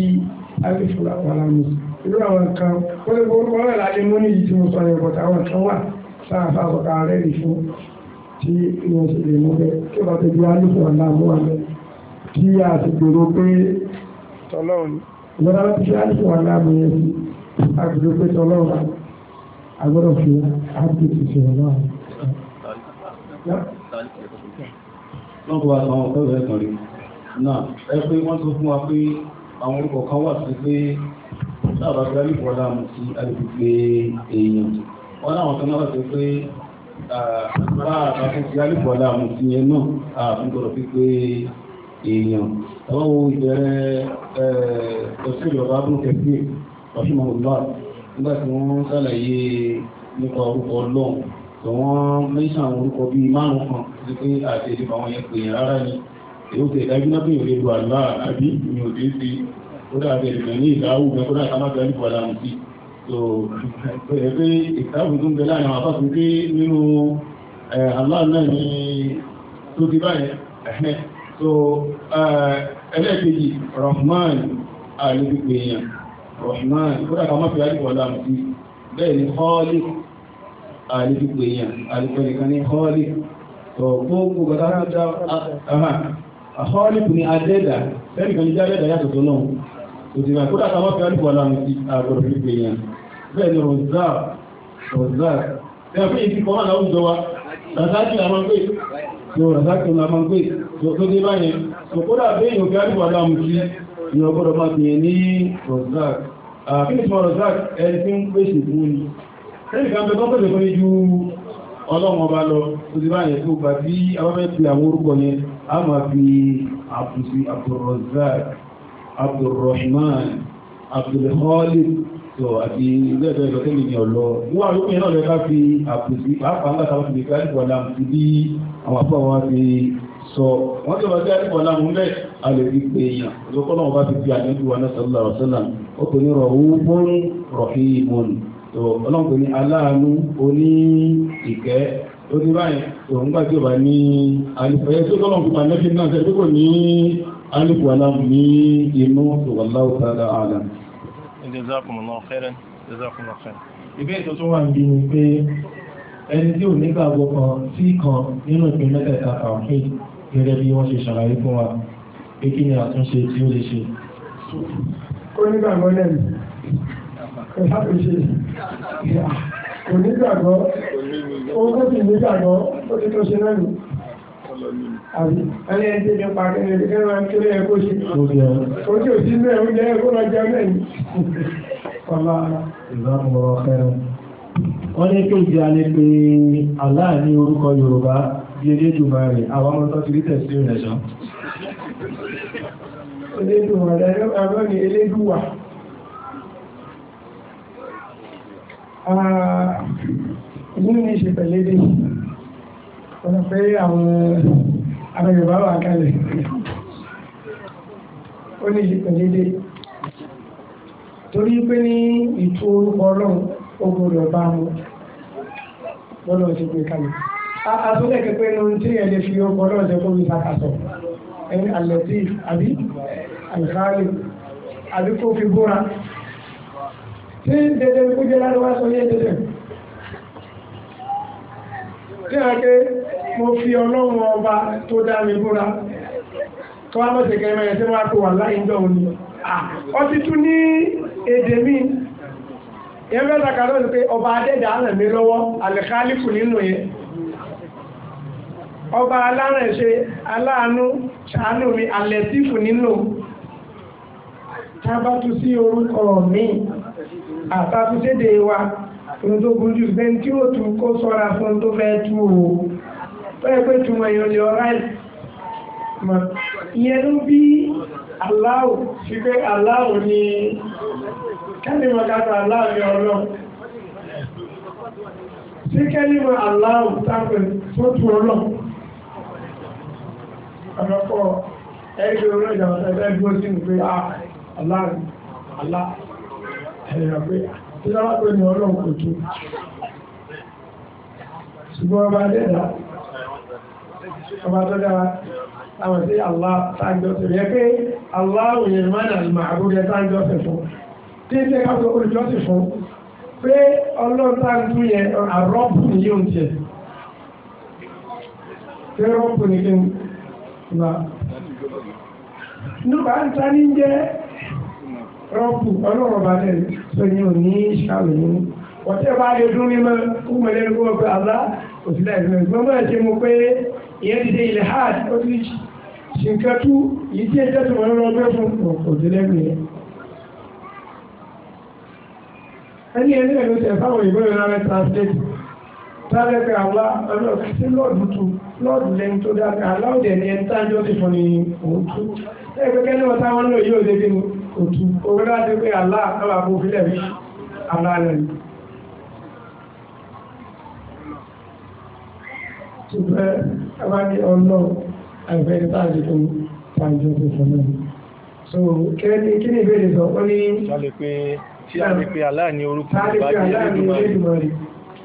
alifura wà lánàá irú àwọn kan ó lè gbogbo wọn náà láti mú ní ìdí mo sọ yẹn bọ̀tà àwọn kan wà sáàfà àbọ̀tà rẹ̀ rí fún tí mo sì lè mú bẹ́ẹ̀ kí wọ́n ti di alùpùpù ọ̀la mú wa kí a ti gbèrò pé tọ́lọ́run ìjọba ti fi alùpùpù ọ̀la mú yẹn sí agbèrò pé tọ́lọ́run agbọ́dọ̀ fi ápùpù ti fi ọ̀la mú. Wọ́n kọ́ wa sọ àwọn ọ̀pẹ́ ìwé ẹ̀kan rí. Náà ẹ pé wọ́n sọ fún wa pé àwọn orúkọ sábà gbẹ́rù bọ́lá mu sí alùpùpù èèyàn wọn láwọn kan náà sọ pé bá àbáfẹ́ sí alùpùpù bọ́lá mu sí yẹn náà àbúgbọ̀rọ̀ pípé èèyàn àwọn wo ìbẹ̀rẹ̀ ọ̀sẹ̀ ìjọba abúlé kẹfì ọ̀ṣun ọ̀gbà nígbà tí wọ́n ṣàlàyé nípa orúkọ ọlọ́run tí wọ́n mẹ́sàn àwọn orúkọ bíi márùn-ún kan sí pé àti ìdìbò àwọn yẹn pè yẹn rárá ni èyí ó ti ẹ̀dájú náà bí ìrèlú àlá àbí ìyẹn òdì sí kódà bẹ̀rẹ̀ ní ìdáwù bẹ́ẹ̀ kódà ká má bẹ̀rẹ̀ nípa ọ̀la nìtì tó bẹ̀rẹ̀ pé ìtàbù tó ń bẹ láàrin àwọn afáfin pé nínú Allah náà ni tó ti báyẹn so ẹlẹ́ẹ̀kejì Rahman àlejò pé èèyàn Rahman kódà ká má bẹ̀rẹ̀ nípa ọ̀la nìtì bẹ́ẹ̀ ni Khaliq àlejò pé èèyàn àlejò nìkan ni Khaliq gbogbo gbàdára dá àhọ́lìkù ni adẹ́dà lẹ́nìkan ní jẹ́ adẹ́dà yàtọ̀ tó náà òdìmọ̀ kódà tàbá fi alùpùpù aláàmù sí àgbọ̀rọ̀ fílípù èèyàn bẹ́ẹ̀ ni rozak rozak ẹ̀yà fún ìdí kọ́mọ̀ láwùjọ wa rasaki la máa ń pè tó rasaki la máa ń pè tó dé báyẹn tó kódà bẹ́ẹ̀ yóò fi alùpùpù aláàmù sí ni ọgbọ́dọ̀ máa pè ní rozak kí ni sọ rozak ẹni tí ń pèsè fún ni ẹni kan bẹ́ẹ̀ tó pèsè fún ni ju ọlọ́run ọba lọ tó ti báyẹn tó gbà bí abáfẹ́ fi àwọn orúkọ yẹn á máa fi àbùsí àbùrọ̀zak Abdulrahman Abdulkhalik tó àti ilé ẹ̀dọ́ ìlọ́tẹ́ mi ní ọ̀lọ́ wọ́n àwọn obìnrin náà lè ká fi àpòsí pàápàá ńlá táwọn ti lè ká nípa ọ̀la àti bí àwọn àpò àwọn ti sọ wọ́n tó bá jẹ́ nípa ọ̀la mú mẹ́ a lè fi pè èèyàn lọ́kọ́ náà bá ti fi àdínkù wa náà sọ́lá ọ̀sọ́lá ó pè ní rọ̀hún rọ̀hìmọ̀n tó ọlọ́run pè ní aláàánú oní ìkẹ́ ó ti báyìí tó ń gbàgbé alif walam ní inú wallahu ta'ala a'lam. jazakumullahu khairan jazakumullahu khairan. ìbéèrè tó tún wà níbi ni pé ẹni tí ò nígbàgbọ́ kan sí kan nínú ìpín mẹ́tẹ̀ẹ̀ta kàwé gẹ́gẹ́ bí wọ́n ṣe ṣàlàyé fún wa pé kí ni àtúnṣe tí ó lè ṣe. ó nígbàgbọ́ lẹ́nu ẹ̀ka tó ṣe kò nígbàgbọ́ owó tó ti nígbàgbọ́ ó ti tó ṣe lẹ́nu àbí ẹni ẹni tí mi pàdé ẹni tí kẹ́rọ ẹni kéré ẹkọ́ sí ojú òsì náà oúnjẹ ẹkọ́ lọ jẹ mẹ́rin ọ̀la ìbámọ̀rọ̀ fẹ́ràn wọ́n ní kéjì a lè pe Allah ní orúkọ Yorùbá bí Elédùmarè àwọn ọmọ tó ti rí tẹ̀sí rẹ̀ sọ. Elédùmarè ẹgbẹ́ ni Elédùwà ní ní ṣe pẹ̀lẹ́dẹ̀ wọ́n fẹ́ àwọn yorùbá wà kalẹ̀ ó ní ìṣe pẹ̀lédé torí pé ní ìtú orúkọ ọlọ́run ó gbọdọ̀ bá mu lọ́dọ̀ ti gbé kalẹ̀ àtúndẹ̀ kẹpẹ́ ní ohun tí ẹ lè fi orúkọ ọlọ́run ṣe kó mi sàkàtọ̀ ẹni àlẹ́tì àbí àlùfáàlì àbí kó fi búra tí dédé kó jẹ́ lárúbá sọ yé dédé tí a ké mo fi ọlọ́run ọba tó dá mi búra tó wá lọ́sẹ̀ kẹrin mẹ́rin tí wọ́n á kó wà láì jọ òní ọtí tún ní èdè mi yẹn fẹ́ sàkà lọ́sẹ̀ pé ọba adẹ́dà ràn mí lọ́wọ́ àlẹ́kálífù nínú yẹn ọba alárẹ̀ṣe aláàánú ṣàánú mi àlẹ́tífù nínú tábà tún sí orúkọ mi àtàtúnṣédé wa ohun tó burú jù bẹ́ẹ̀ tí ó tún kó sọ́ra fún tó fẹ́ tú o bẹ́ẹ̀ pé túnmọ̀ èèyàn lè ọ̀rá ìmọ̀ ìyẹn ló bí aláwò sí pé aláwò ni kẹ́lìmọ̀ kátà aláwò ni ọlọ́ sí kẹ́lìmọ̀ aláwò tápẹ̀ tó tù ọlọ́ ọ̀nàpọ̀ ẹgbẹ́ orí ìjàmọ̀ tẹ́lẹ̀ gbó sí ní pé aláwò alá ẹ̀yà pé tí lọ́wọ́ pé ni ọlọ́ kò tó ṣùgbọ́n ọba dẹ́dàá ọba tó dára táwọn sí Allah sáájọ́ rẹ̀ pé Allah òyìn mọ́nà ìmọ̀ àbúrò fún tí ṣe ká tó fún pé ọlọ́ta ń tún yẹn ní yóò tiẹ̀ pé rọ́pù ní kí n bá. nípa ń ta ní jẹ́ rọ́pù ọlọ́rọ̀ bá lẹ̀ sọ́yìn òní ṣàlùyìn wọ́n tẹ́ bá lè dún mímọ́ kó mọ̀lẹ́nu kó wọ́n pé ìyẹn ti dé ilẹ̀ hard outreach ṣìǹkàtú yìí tí ẹjẹ́ tó wọ́n lọ gbé fún òdìlẹ́gbìn yẹn. ẹni ẹni ẹni ó tẹ̀ fáwọn òyìnbó yóò translate tálẹ́pẹ̀ àwa ọlọ́ọ̀kì sí lọ́ọ̀dù tu lọ́ọ̀dù lẹ́nu tó dáa aláwọ̀dẹ̀ ni ẹni tájọ́ ti fún ni òótú ẹgbẹ́ kẹ́ni wọn táwọn náà yóò dé bí òtú owó láti pé àlá àkàlà kó fi lẹ́ẹ̀rí àwọn ní ọlọ́ àìfẹ́ni tá a lè fún pàjọ tó fún náà so kẹ́ni kí ni ìbéèrè sọ ó ní. tí a lè pe aláàní orúkọ ìbájú Elédùmarè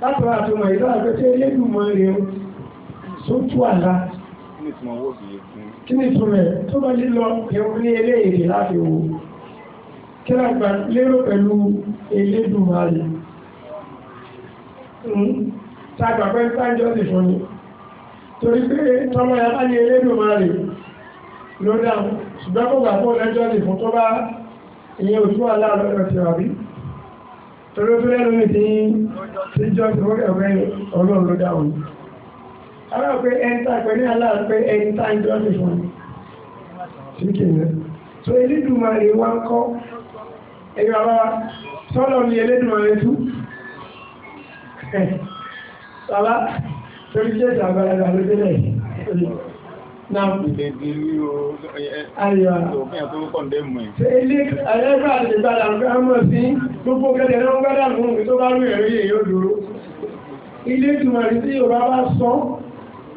láti wá àtúmọ̀ ìlú àgbẹ̀tẹ̀ Elédùmarè sótú àlá kí ni ìtumọ̀ tó bá lílọ ẹ̀rù ní eléyìí láti wò kí ni àgbà lérò pẹ̀lú Elédùmarè hmm? tàgbà pẹ́ sáńjọ́ sì fún mi torí pé tọ́mọ ya bá ní elédùn máa rè ló dáhùn ṣùgbọ́n kò gbà fún ẹjọ́ lè fún tó bá ìyẹn òtún wà láàárọ̀ ẹ̀rọ ti wà bí torí tó lẹ́nu mi ti ti jọ ti wọ́n ẹ̀rọ ọlọ́run ló dáhùn. ara pé ẹni tá pé ní aláàrọ̀ pé ẹni tá ń jọ́ sí fún sí kìnnìún. so elédùn máa rè torí jẹ́ ìtàgbàlagbà ló délẹ̀ náà ilé di rí o ayọ̀ òfin àti orúkọ ǹdẹ́ mọ̀ ẹ̀. ilé ayẹ́fà lè gbàdà gbàmọ̀ sí gbogbo kẹtẹ náà gbàdà fún mi tó bá rú ẹ̀rí èyí ó dúró. ilé ìtumọ̀ rí tí yorùbá bá sọ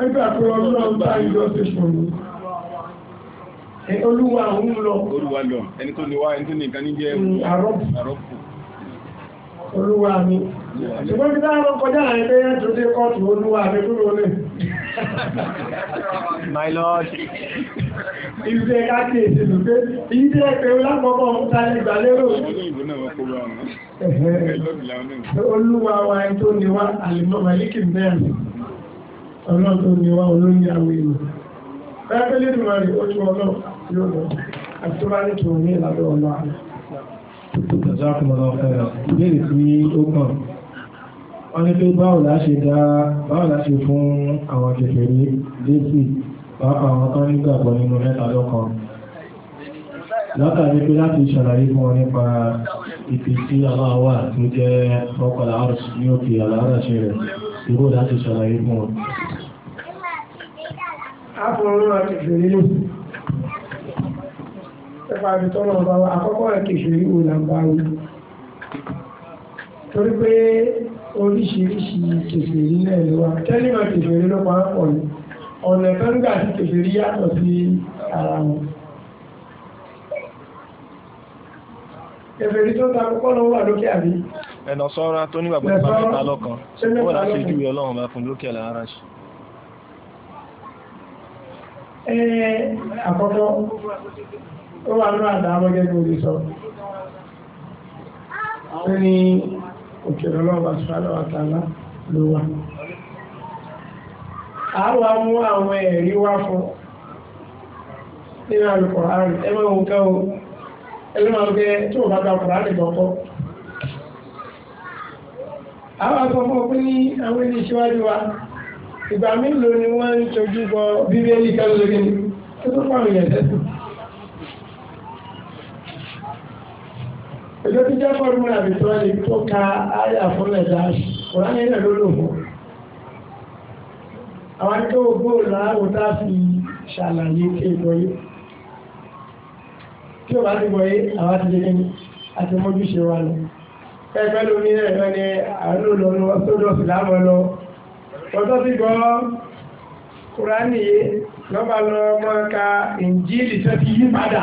ẹgbẹ́ àkúrọ̀ náà bá ìjọ ti fún mi. olúwa òun lọ. olúwa lọ ẹni tó ní wá ẹni tó ní nǹkan ní hmm, àrọ́pù. olúwa mi ṣùgbọ́n kọjá àyè pé tó dé kóòtù olúwa mi kúrò lè. my lord. ìṣe káàkiri ìṣèlú pé èyí tí ẹ pé lápapọ̀ ń ta ìgbà lérò. olúwa wa ẹni tó ní màlíkì ọlọ́run tó ní olóyìn àwọn èèyàn. bẹ́ẹ̀ ìbéèrè tí ó kàn wọ́n ní pé báwo la ṣe dá báwo la ṣe fún àwọn kékeré lésì pàápàá àwọn tó nígbàgbọ́ nínú mẹ́ta lọ́kàn látàrí pé láti ṣàlàyé fún ọ nípa ìpè tí aláwọ̀ wà tó jẹ́ ọkọ̀lá àrùsù ní òkè àlàáràṣẹ rẹ̀ ìbò láti ṣàlàyé fún ọ. a fún ọ̀rọ̀ àti ìfèrè lóṣù nípa àbítọ́nà ọba wa àkọ́kọ́ ẹ̀ kìí ṣe ìwò làǹbà wí torí pé oríṣiríṣi kèfèrí náà ló wà tẹ́lẹ̀mà kèfèrí ló máa ń pọ̀ ní ọ̀nà tó ń gbà sí kèfèrí yàtọ̀ sí ara wọn. kèfèrí tó ta kọ́kọ́ ló wà lókè àbí. ẹ̀nà sọ́ra tó nígbàgbọ́ nípa mẹ́ta lọ́kan ó láṣẹ ìjúwe ọlọ́run bá fún lókè lára ṣe. àkọ́kọ́ ó wà nínú àdámọ́ gẹ́gẹ́ bí sọ ó ní òkèrè ọlọ́wà sọ́lọ́wà tààlà ló wà àwọn amú àwọn ẹ̀rí wá fún nínú àlùkò àrùn ẹgbẹ́ ohun kẹ́ o ẹlẹ́mọ̀ ọgbẹ́ tí wọ́n bá gba ọkùnrin àrùn ìgbọ̀kọ́ àwọn akọ́kọ́ pín ní àwọn ilé ìṣíwájú wa ìgbà mélòó ni wọ́n ń sojú bọ bíbélì kẹ́lógún tó tó fáwọn èèyàn tẹ́sùn èdè tí jábọ̀ mú àbí tó lè tó ka àyà fún ẹ̀dá ọ̀rá ní ilẹ̀ lólò fún. àwọn tó gbó làwọn tá a fi ṣàlàyé ké ìgbọ̀yé tí o bá ti gbọ̀yé àwọn ti dégé ní àti mójúṣe wa lọ. ẹgbẹ́ lómi ẹ̀rọ ni àánú lọ lọ sódò sílámọ̀ lọ. ọ̀tọ́ ti gbọ́ kúránì yé lọ́ba lọ́ọ́ mọ́ ka ìǹjíìlì tó ti yí padà.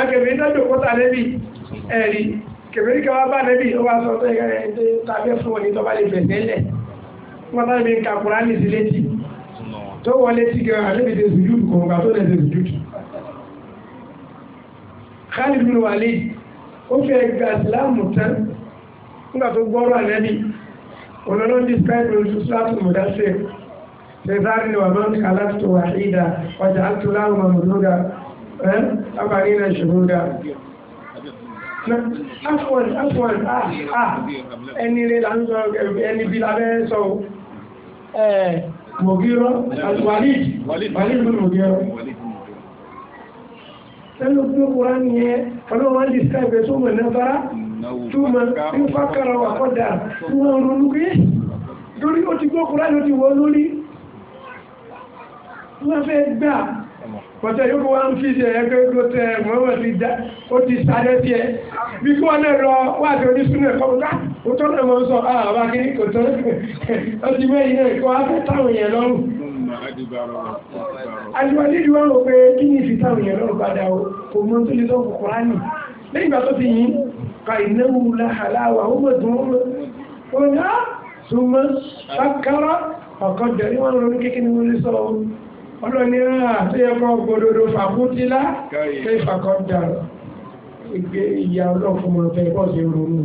ẹgbẹ̀mí náà jò kóta lẹ́bí ẹ̀rí kẹfẹ́rí kẹwà bá lẹ́bí ó wá sọ pé ẹ̀rẹ́ tàbí fún òní tó bá lè bẹ̀ tẹ́lẹ̀ wọ́n tàbí mi ka Kùránì sí létí tó wọ́n létí kẹwà àlẹ́bí ti sùjú kò nǹkan tó lẹ́sẹ̀ sùjú Walid ó fẹ́ gba ìsìláàmù tán nígbà tó gbọ́rọ̀ àlẹ́bí olóńdó ti skype lójú sláàtù mọ̀dáṣẹ́ ṣe sáré ni wà lọ́nà kálá ثمانين شهودا afwan afwan ah ah ẹni rẹ̀ là ń sọ ẹni bí lábẹ́ sọ ẹ̀ mọ̀gírọ́ alwalid walid ló mọ̀gírọ́ ẹnu bí ó kúrá ní ẹ ọlọ́run wọ́n lè skype tó mọ̀ náà bára tó mọ̀ ní fákàrà wà kọ́dà tó wọ́n ronú pé lórí ó ti gbọ́ kúrá ló ti wọ́ lórí wọ́n fẹ́ gbà pọ̀tẹ́ yóò wá ń fi ṣe ẹgbẹ́ tó tẹ mọ́mọ́ ti dá ó ti sáré tiẹ̀ bí kí wọ́n lè lọ wá àti onísúnà ẹ̀kọ́ ká ó tọ́ náà mọ́ sọ ah, àwa kí kò tọ́ ó ti mẹ́yìn náà kó wá fẹ́ táwọn èèyàn lọ́rùn. àjùmọ̀ nídìí wọn rò pé kí ni ìfi táwọn èèyàn padà o kò mọ tó lè tọ́ kọ̀ọ̀kan á nì lẹ́yìn ìgbà tó ti yìn ka ìnáwó làhàláwà ó mọ̀ tó wọ́n rẹ̀ ó ní ah, ọlọ́nìíràn àti ẹ̀kọ́ gbòdòdó fàkútílá ṣe ìfàkọ́dà ìgbé ìyá ọlọ́fún ọ̀tẹ̀ ìbọ̀sẹ̀ ronú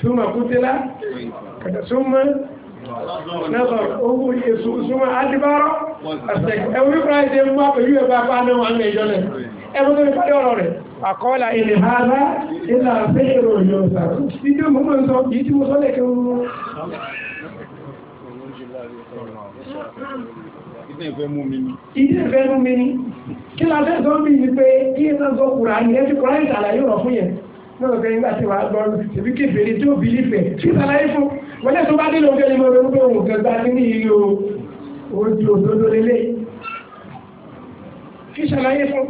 súnmọ̀ kútílá kàtà súnmọ̀ nẹ́sọ̀ owó èso súnmọ̀ adìbárọ̀ ọ̀sẹ̀ ẹ̀wọ̀n ìfúnra ìdè mú wá pẹ̀lú ẹ̀bá apá náà wọn lè jọlẹ̀ ẹ̀wọ̀n tó ní pàdé ọ̀rọ̀ rẹ̀ àkọọ́lá ilẹ̀ hàlá ilẹ̀ àfẹ́ ìròyìn ọ̀sà Ilé ìfẹ́ mú mi ni. Ilé ìfẹ́ mú mi ni. Kí la fẹ́ sọ mí ni pé kí ẹ sọ sọ kùrà ní ẹbí kùrà ní ìtàlàyé ọ̀rọ̀ fún yẹn. Lọ́dọ̀ pé nígbà tí wàá lọ tèmi kébèrè tí ó bìlí fẹ̀ tí ìtàlàyé fún. Wọlé tó bá délé oúnjẹ ni mo ronú pé òun kan gba sí ní ilé o. O di òdodo lélẹ̀. Kí ìṣàlàyé fún.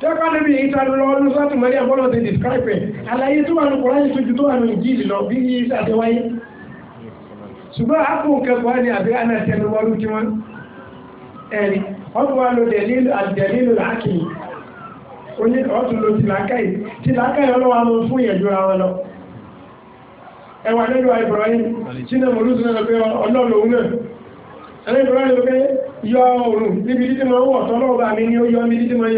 Tẹ́kọ̀ níbi ìta lọ ọdún sọ́tù mẹ́rin àbọ̀lọ̀ ti describe ẹ̀. Àlàyé tó wà ní kùrà ní sojú tó wà ní ìjì lọ bí ìṣàtẹ̀wáyé. Ṣùgbọ́n àpò kẹfọ́ ni àbí àná tẹnu wọlú tí wọ́n. ẹ̀rí ọdún wa lo dẹ̀lílù àdẹ̀lílù làákìí oní ọdún lo tìlákàyè tìlákàyè ọlọ́wà mọ fún ìyẹ̀jú ra lọ ẹwà lẹ́nu Ibrahim sínú mọ̀lúsùn náà Ibrahim ló pé yọ oòrùn níbi títí mọ owó ọ̀tọ́ lọ́wọ́ bá mi ní ó yọ níbi títí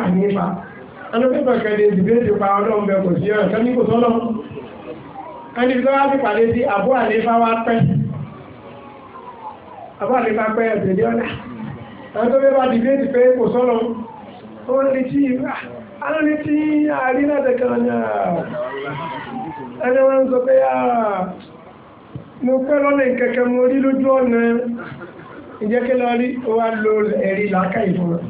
yọ ẹlòmíkan kẹ́lẹ́ ìdìbẹ́tì pa ọlọ́run bẹ kò sí ọ̀rọ̀ sẹ́ni kò sọ́lọ́ ẹni tó wá sí pàdé sí àbú àlefa wá pẹ́ àbú àlefa pẹ́ ẹ̀sẹ̀ ní ọ̀nà àwọn tó bá dìbẹ́tì pé kò sọ́lọ́ ó ń retí àwọn retí àríláṣẹ̀ kan ní ah, ẹni wọ́n ń sọ pé ah, mo pẹ́ lọ́nà ìkẹ̀kẹ́ mo rí lójú ọ̀nà ìjẹ́kẹ́ lọ rí ó wá lo ẹ̀rí làákàyè fún wọn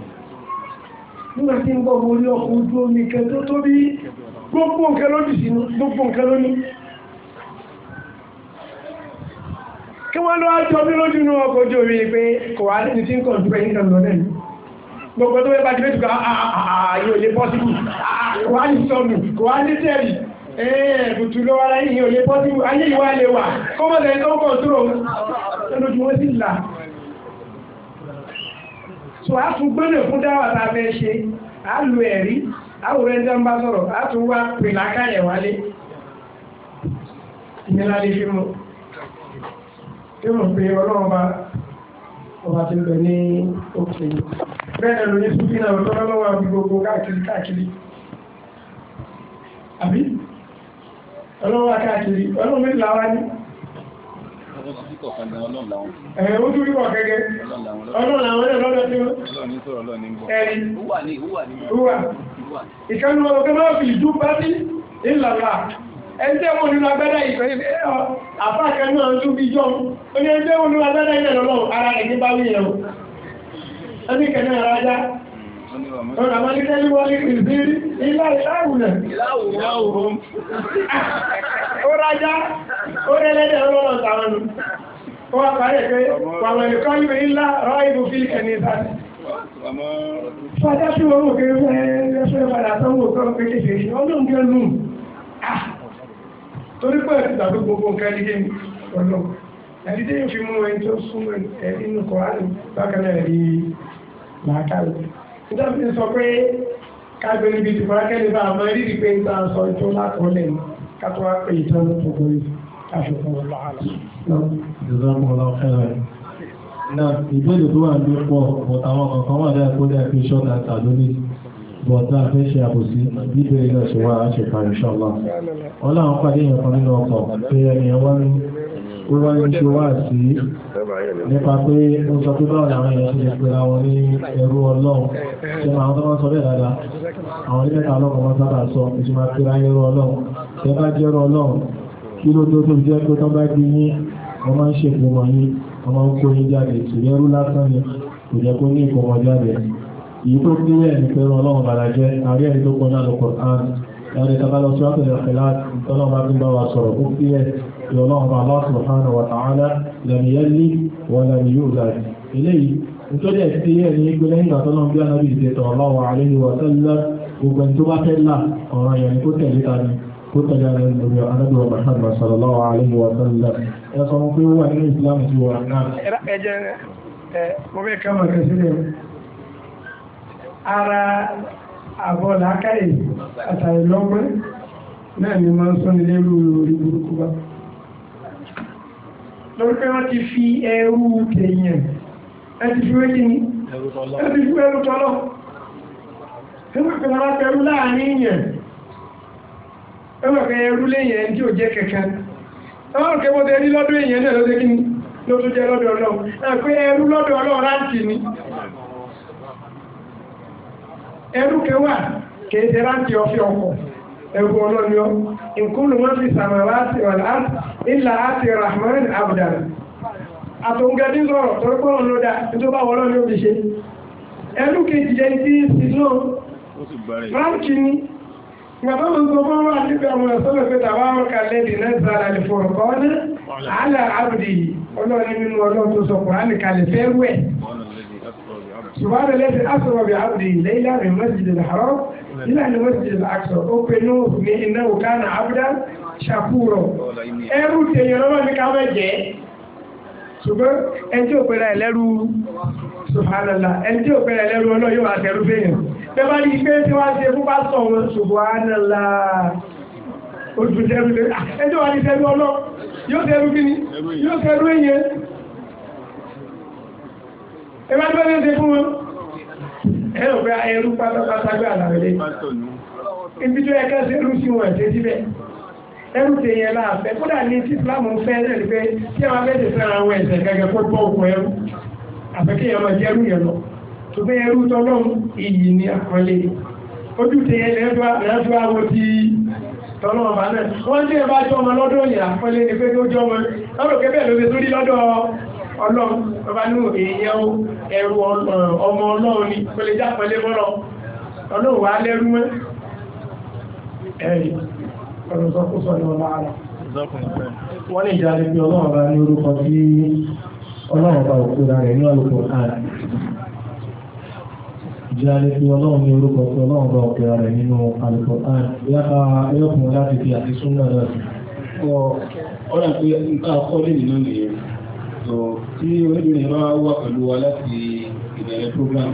nígbà tí ń bọ̀ mo rí ọkọ̀ ojú omi kan tó tóbi gbogbo nǹkan ló dì sínú gbogbo nǹkan ló ní kí wọ́n lọ́wọ́ jọ mí lójú inú ọkọ̀ ojú omi pé kò wá níbi tí ń kàn dúpẹ́ yín kan lọ náà ní gbogbo tó bẹ́ẹ̀ bá ti fẹ́ tukọ̀ ààyè ò lè pọ́sibú kò wá ní sọnù kò wá ní tẹ́rì ẹ̀ẹ́dùtù eh, lọ́wọ́ láyé ò lè pọ́sibú ayé ìwà lè wà kọ́mọ̀tẹ̀ tó ń kọ̀ tó lójú wọn sì là so a tún gbọ́dọ̀ fún dáwà tá a fẹ́ ṣe a lu ẹ̀rí àwòrán ẹjọ́ ń bá sọ̀rọ̀ a tún wá pìlàkà yẹn wálé ìyẹn lálé fi mu tí mo pe ọlọ́run bá ọba ti lọ ní òkè yìí bẹ́ẹ̀ lóye súnfì náà lọ́wọ́ lọ́wọ́ àbí gbogbo káàkiri káàkiri àbí ọlọ́wọ́ káàkiri ọlọ́run mi làwọn ni. Ẹ̀rẹ̀ ojú rí wà gẹ́gẹ́. Ọlọ́run làwọn ẹ̀rọ lọ́dọ̀ tí wọ́n. Ọlọ́run ní sọ̀rọ̀ lọ́ọ̀ ní gbọ́. Ẹ̀rí. Wúwà ní ìwúwà ní. Wúwà. Ìkànnì ọ̀gbẹ́ máa fi ìdú bá sí ìlàlà ẹjẹ́ wọn nínú agbádá ìfẹ́ àfáàkẹ́ náà ń tún bí jọ ó ní ẹjẹ́ wọn nínú agbádá ìfẹ́ lọ́wọ́ ara rẹ̀ ní bá wí ẹ̀rọ ẹni kẹ́ náà rájá hmm, ọ̀nà máa ní tẹ́lú wọ́n ní ìrírí ilá ìláwùn náà ó rájá ó rẹ́ lẹ́dẹ̀ ọlọ́rọ̀ tàwọn nù ó wà parẹ́ pé wàwọn ẹ̀kọ́ ìwé ńlá rọ́ ìbò fílìkẹ̀ ní ìta fàdá sí wọn òkè ẹgbẹ́ padà sanwó kan pété fèsì ọlọ́run kẹ́ lù torí pé ẹ̀sìn tàbí gbogbo nǹkan ní kéwì ọlọ́ ẹ̀dí tí yóò fi mú ẹni tó súnmọ́ ẹ̀dí nù kọ́ àlù bákan náà rí làákàlù nígbà tí sọ pé kájọ níbi tìmọ̀ akẹ́lẹ́ bá a máa rí rí pé ń ta sọ ìtọ́ látọ̀ lẹ́nu ká tó wá pé ìtàn tó gbọ́ yìí àṣùkùn ọ̀la àlà. ìjọba ọ̀la ọ̀fẹ́ra rẹ̀. náà ìbéèrè tó wà ní pọ̀ bọ̀tà àwọn kankan wà láì kó dáa fi ṣọ́ ta tà lórí bọ̀tà fẹ́ ṣe àbòsí bíbélì náà ṣe wá àṣekà ìṣọ̀lá. wọ́n láwọn pàdé yẹn kan nínú ọkọ̀ pé ẹni ẹ wá ní ó wá ní ṣe wá sí nípa pé ó sọ pé báwọn àwọn èèyàn ti lè pera wọn ní ẹrú ọlọ́run ṣe máa wọ́n tó wọ́n sọ bẹ́ẹ̀ dáadáa àwọn ilé ẹ̀ka ọlọ́run wọn sábà sọ ìṣúná pera ẹrú ọlọ́run ṣe bá jẹ́rú ọlọ́run kí ló tó tó jẹ́ pé tó bá di yín wọ́n máa ń ṣèpò wọ́n yín wọ́n máa ń kó yín jáde ìrẹ́rú lásán ni kò jẹ́ kó ní ìkọ̀wọ́ jáde èyí tó kí ẹ̀ ní pé ọlọ́run bàrà jẹ́ àárẹ̀ èyí tó kọ́ náà lọ́kọ̀ án láti tàbá lọ síwájú ìrẹ̀fẹ̀ láti tọ́lọ́ bá tún bá wa sọ̀rọ̀ ó kí ẹ̀ ọlọ́run bá Allah subhanahu wa ta'ala lam yalid wa lam yulad eléyìí nítorí ẹ̀ sí ẹ̀ ní pé lẹ́yìn ìgbàtọ́lọ́ bí anábì ìṣètò ọlọ́run àlejò wọ́tẹ́lẹ́ gbogbo ẹni tó bá fẹ́ ọ̀ràn yẹn ni kó tẹ̀lé ta ni kó tẹ̀lé ara ẹni lórí anábì wa Muhammad sallallahu alayhi wa sallam ẹ sọ wọn pé ó wà nínú Islam ti wà náà. ẹ jẹ ẹ mo fẹ́ kí wọn kẹsí lè ara àbọ̀ làákàyè àtàrí lọ́gbọ́n náà ni máa ń sọ nílé rú orí burúkú bá lórí pé wọ́n ti fi ẹrú tèèyàn ẹ ti fi wéjì ní ẹ ti fi ẹrú tọ́lọ̀ ẹ máa pẹ̀lú láàrin yẹn ẹmọ kan ẹrú lẹ́yìn ẹni tí ò jẹ́ kankan ẹmọ kan mo tẹ́ rí lọ́dọ̀ èèyàn náà lọ́dọ̀ kí ni ló tó jẹ́ lọ́dọ̀ ọlọ́run náà pé ẹrú lọ́dọ̀ ọlọ́run ráǹtì ni ẹrú kẹwà kìí ṣe ráǹtì ọfẹ ọkọ ẹrú ọlọ́run yọ nǹkan ló máa fi sàmà wá sí ọ̀la ìlà àti rahman abdul àtòǹgẹ́dì sọ̀rọ̀ torí pé òun ló dá tó bá wọlọ́run yóò fi ṣe ẹrú kejì jẹ́ ti sílọ́ọ̀ ráǹtì ni. Bàbá mi sọ fún wa níbi àwọn ẹ̀sọ́lẹ̀ pé tàbá wọn kà lẹ́dì náà sára lè fọ̀rọ̀ kọ́ ní àlà àbùdì ọlọ́run nínú ọlọ́run tó sọ Kùrán ní kalẹ̀ fẹ́ wẹ̀. Ṣùgbọ́n lẹ́sẹ̀ àṣọ̀rọ̀ bí àbùdì lẹ́yìn àmì mọ́sídì làárọ̀ nílà ní mọ́sídì àṣọ ó pe ní òfin ní iná òkà náà àbúdá ṣàkúrọ̀. Ẹrú tèèyàn lọ́wọ́ mi ká fẹ́ jẹ́. Ṣùgbọ́n ẹni tí ò bẹ́bá ní pé tí wá ṣe fún bá sọ wọn ṣùgbọ́n ánàlá ojú tẹ́rù lé ah, ẹjọ́ wà ní tẹ́rù ọlọ́ yóò tẹ́rù kí ni yóò tẹ́rù èyẹ ẹbá tó bẹ́ẹ̀ ṣe fún wọn ẹ̀rọ pé ẹrú pátápátá gbé àlàrẹ̀lẹ́ ibi tó ẹ̀kẹ́ ṣe rú sí wọn ṣe síbẹ̀ ẹrú tẹ yẹn láàfẹ́ kódà ní tí fúlàmù fẹ́ rẹ̀ pé tí àwọn abẹ́ẹ̀dẹ̀ sára àwọn ẹ̀sẹ̀ gẹ́gẹ́ kó gbọ́ òkú ẹrú àfẹ́kẹ́yàn máa jẹ́rú yẹn lọ tó bẹ́ ẹrú tọ́lọ́run iyì ní àkọlé ojú ti ẹlẹ́dọ́ àwọn ti tọ́lọ́run bá náà wọ́n tí ẹ bá jọ ọmọ lọ́dọ̀ òyìn àkọlé ní pé tó jọ ọmọ lọ́dọ̀ kẹ́bẹ̀ ló fi sórí lọ́dọ̀ ọlọ́run bàbá ní èèyàn ẹrú ọmọ ọlọ́run ni kò lè jápọ̀lé mọ́lọ ọlọ́run wà lẹ́rú mọ́ ẹ̀yìn ọ̀rọ̀ sọkúsọ ni ọlá ara wọ́n ní ìjà rẹ̀ bí ọlọ́run bá ní orúkọ sí ọlọ́run bá òkú rẹ̀ ní ọlọ́run jáde tí ọlọ́run ní orúkọ tí ọlọ́run bá ọ̀kẹ́ rẹ̀ nínú Al-Qur'an yára ẹlọ́kùnrin láti fi àti súnmọ́ náà sí. ọ rà pé nǹkan àkọọ́lẹ̀ nínú nìyẹn tó tí oníbìnrin bá wà pẹ̀lú wa láti ìbẹ̀rẹ̀ program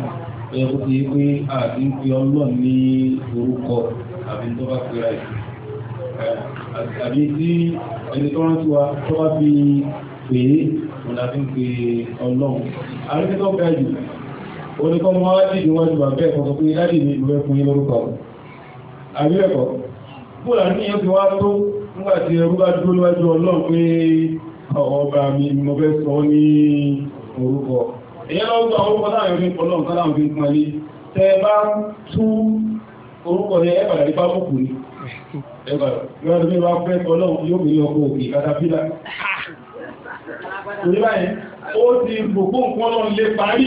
ẹ kó ti pé àti ń pe ọlọ́run ní orúkọ àbí tó bá pera ẹ̀ àbí tí ẹni tó rántí wa tó bá fi pè é òun àti ń pe ọlọ́run àríkẹ́tọ́ oníkọ́ mọ́ wá dìdì wọ́n ti wà bẹ́ẹ̀ kọ́ pé láti ní ìlú ẹkùn yín lórúkọ àbí bóòlà ní yóò fi wá tó nígbà tí ẹrú bá dúró níwájú ọlọ́run pé ọba mi mo fẹ́ sọ ní orúkọ èyí lọ gba ó ti gbogbo nǹkan ọlọ́run lè parí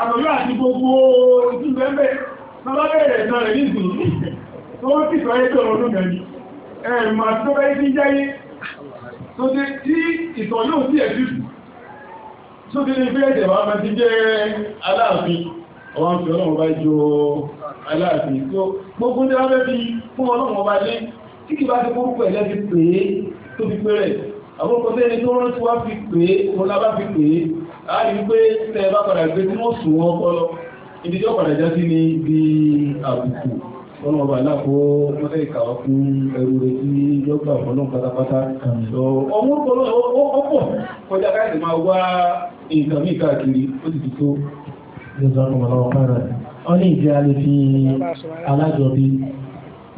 àtọ̀lá àti gbogbo ojú bẹ́ẹ̀ bá bẹ̀rẹ̀ náà rẹ̀ nìsìn tó ó sì sọ ètò ọdún gẹ̀ẹ́ni ẹ̀mà tó bẹ́ sí jẹ́yé tó dé tí ìtọ̀ yóò sí ẹ̀sù tó dé ní fẹ́ẹ̀dẹ̀ wà máa ti jẹ́ aláàfin ọwọ́n fi ọlọ́run bá jọ aláàfin tó gbogbo ní wọ́n fi fún ọlọ́run bá lé tí kì bá ti kórúkọ ẹ̀lẹ́ fi pè é tó fi pé rẹ̀ àwọn kọ́sẹ́ni tó rántí wá fi pè é mo lábá fi pè láàrin wípé tẹ́ bá padà gbé tí wọ́n sùn wọ́n ọpọlọ ibi tí ó padà já sí ní bí àbùkù ọlọ́run ọba náà kó wọ́n lè kà wá fún ẹrú rẹ̀ tí yóò gbà fún náà pátápátá. ọmọ ọpọlọ ó pọ̀ kọjá káyọ̀ máa wá nǹkan míì káàkiri ó sì ti tó. ọ ní ìdí a lè fi alájọbí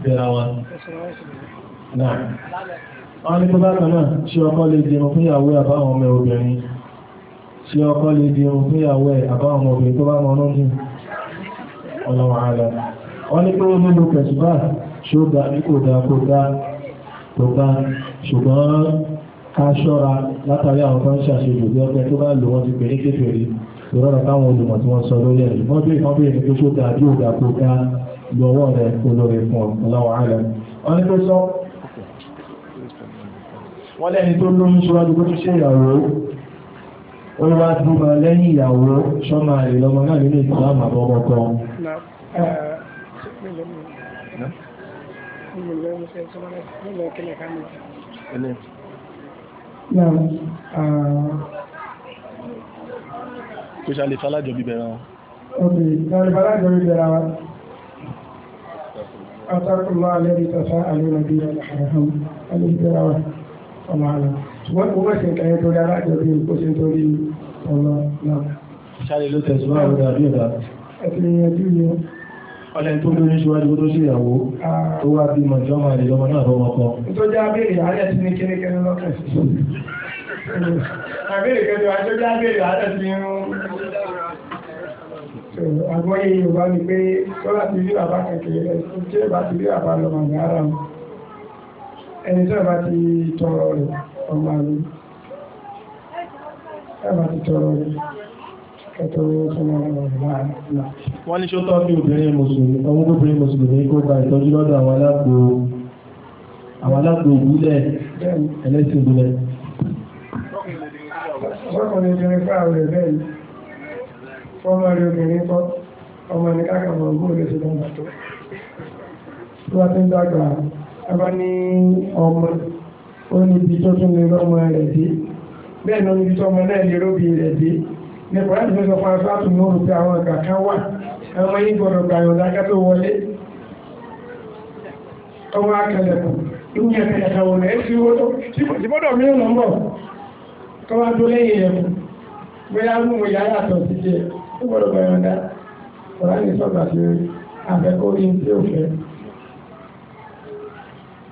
bẹ̀rẹ̀ wa. wọ́n ní tó bá kan náà ṣé ọkọ lè dìrọ̀ fún ìyàwó àbáwọn ọmọ obìnrin tí ọkọ lè di ohun fúnyàwó ẹ̀ àbáwọn ọmọbìnrin tó bá mọ ọ́nà jù ọlọ́wọ́ ààrẹ wọ́n ní pé ó nílò pẹ̀sùbá ṣóga ní kò dá kò dá kò dá ṣùgbọ́n ká ṣọ́ra látàrí àwọn kan ṣàṣejù bí ọgbẹ́ tó bá lò wọ́n ti pè ní kékeré ìrọ̀rọ̀ táwọn olùmọ̀ tí wọ́n sọ lórí ẹ̀rí wọ́n bí wọ́n bí ẹni pé ṣóga bí òga kò dá lọ́wọ́ rẹ̀ olórí fún ọlọ́wọ́ ààrẹ wọ́n ní pé sọ wọ́n lẹ́ni tó lóyún ṣúwájú kó tún ṣe ìyàwó ó wá bímọ lẹ́yìn ìyàwó sọ́mà rẹ̀ lọ́mọ náà nínú ìsìlámù àbọ̀bọ̀ kan. kò ṣe àlè falájọ bíbẹ̀ ra wọn. ọ̀bẹ̀ ìdárí falájọ bíbẹ̀ ra wọn. أتاكم الله الذي تساءلون به والأرحام الذي تراوه الله أعلم ṣùgbọ́n kò mọ̀ sí nǹkan yẹn torí alájọ bí kò sí torí ọ̀nà náà. ṣáàlì ló tẹ̀síwájú àwọn àbí ìbá. ẹ ti lè yanjú yẹn. ọlẹ́ni tó lóyún síwájú tó sí ìyàwó ah. tó wá bí mọ̀ ìjọba ìjọba náà bọ́ wọn kọ. tó já béèrè àárẹ̀ sí ní kérékéré lọ́kàn. àbẹ̀rẹ̀ kẹjọ àjọjá béèrè àárẹ̀ sí ní àgbọ́yé Yorùbá ni pé tọ́lá ti rí bàbá kékeré rẹ̀ tí ó bá ti rí bàbá lọ́mọ ní ara ẹni tí ó bá ti tọrọ rẹ̀ ọmọ rẹ ẹ̀rọ ti tọrọ rẹ kẹtọrọ sọmọ ọmọ rẹ náà. wọ́n ní ṣọ́tọ́ bí obìnrin mùsùlùmí ọmọ obìnrin mùsùlùmí kó gba ìtọ́jú lọ́dọ̀ àwọn alágbò àwọn alágbò ògúnlẹ̀ ẹlẹ́sìn ògúnlẹ̀. ọmọ mi ti rí fáwọn ni ọmọ ó ní ibi tó tún lè rọ́mọ rẹ̀ dé bẹ́ẹ̀ ló ní ibi tó ọmọ náà lè róbi rẹ̀ dé nípa láti fẹ́ sọ fún aṣọ àtúnú òrùn pé àwọn ìgbà kan wà ọmọ yìí gbọdọ̀ gbàyàn lákà tó wọlé ọmọ akẹlẹ̀kùn ìwúni ẹ̀kẹ̀kẹ̀ wọlé ẹ̀ fi owó tó ìbọ́dọ̀ mi ń lọ tó wá tó lẹ́yìn ẹ̀kùn bóyá mú mo yára sí jẹ́ ó gbọdọ̀ gbàyàn dá ọ̀rá ní sọ́gbà sí afẹ́kọ́ ní tí ó fẹ́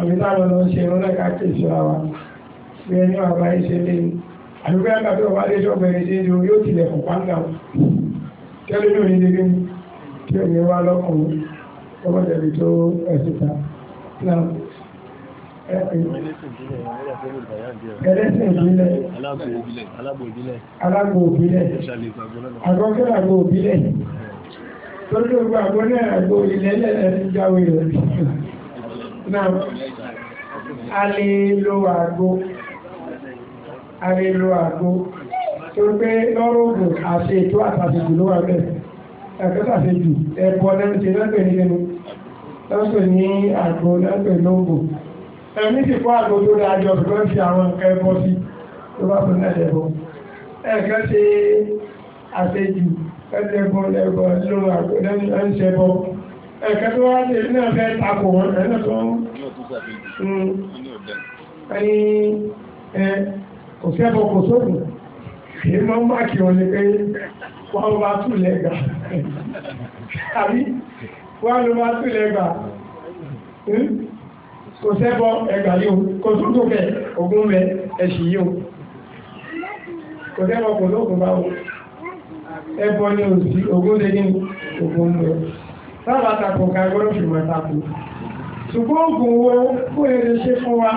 àbí táwọn lọ ṣe irun lẹ́ka kí ìṣura wa bí ẹni wà bá ṣe lé ní àbí bí ẹgbà tó wà lé ṣọ́bẹ̀rẹ̀ ṣe ju yóò tilẹ̀ kó pàǹdà wọn tẹ́lẹ̀ ní òní dédé mu tí òní wá lọ́kùnrin tó bá tẹ̀lé tó ẹ̀sìn ta náà ẹlẹ́sìn ìbílẹ̀ alágbò ìbílẹ̀ àgọ́kẹ́ àgọ́ ìbílẹ̀ tó ní jáwé rẹ̀ náà a lè lo àgbo a lè lo àgbo torí pé lọ́rọ̀ ògùn àti ètò àtàtìjù ló wà bẹ́ẹ̀ ẹ̀kọ́ tàtìjù ẹ̀bọ lẹ́nu ti lọ́pẹ̀ ní ẹnu lọ́pẹ̀ ní àgbo lọ́pẹ̀ lóògùn ẹ̀mí sì kó àgbo tó dáa jọ tó ń fi àwọn nǹkan ẹbọ sí tó bá fún náà ẹbọ ẹ̀kọ́ ṣe àtẹjù ẹ̀dẹ̀gbọ̀n ẹ̀bọ lóògùn àgbo lẹ́nu ẹ̀kẹ́ tó wá lè ní ọ̀fẹ́ takò wọn ẹ̀nà tó ń hmm. ẹni ẹ kò sí ẹbọ kò sóògùn kì í máa ń bá kí wọn ní pé wọn bá tù lẹ́gbà àbí hmm? wọn ló bá tù lẹ́gbà kò sẹ́bọ ẹgbà yóò kò sóògùn bẹ ògùn bẹ ẹ̀sì yóò kò sẹ́bọ kò sóògùn báwo ẹbọ ni òsì ògùn lẹ́yìn ògùn bẹ sábà takò ká gbọ́dọ̀ fi mọ̀ takò ṣùgbọ́n oògùn owó kó èrè ṣe fún wa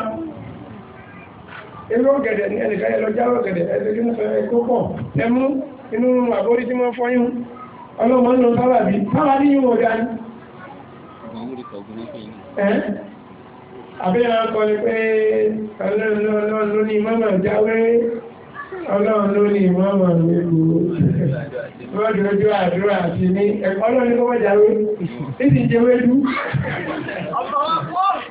ewé ọ̀gẹ̀dẹ̀ ní ẹnìkan ẹ lọ jáwé ọ̀gẹ̀dẹ̀ ẹsẹ̀ kí n sọ ẹ kó pọ̀ ẹ mú inú àbórí tí wọ́n fọyín ọlọ́mọ ń lọ sábà bí sábà ní ìwọ̀n ọ̀gá ni. àbíyàn ọlọ́run ló ní mọ́mọ́ jáwé lọ́dọọdọ àdúrà àti ní ẹ̀kọ́ náà ní kọ́kọ́ jáwé títí jẹ wédú.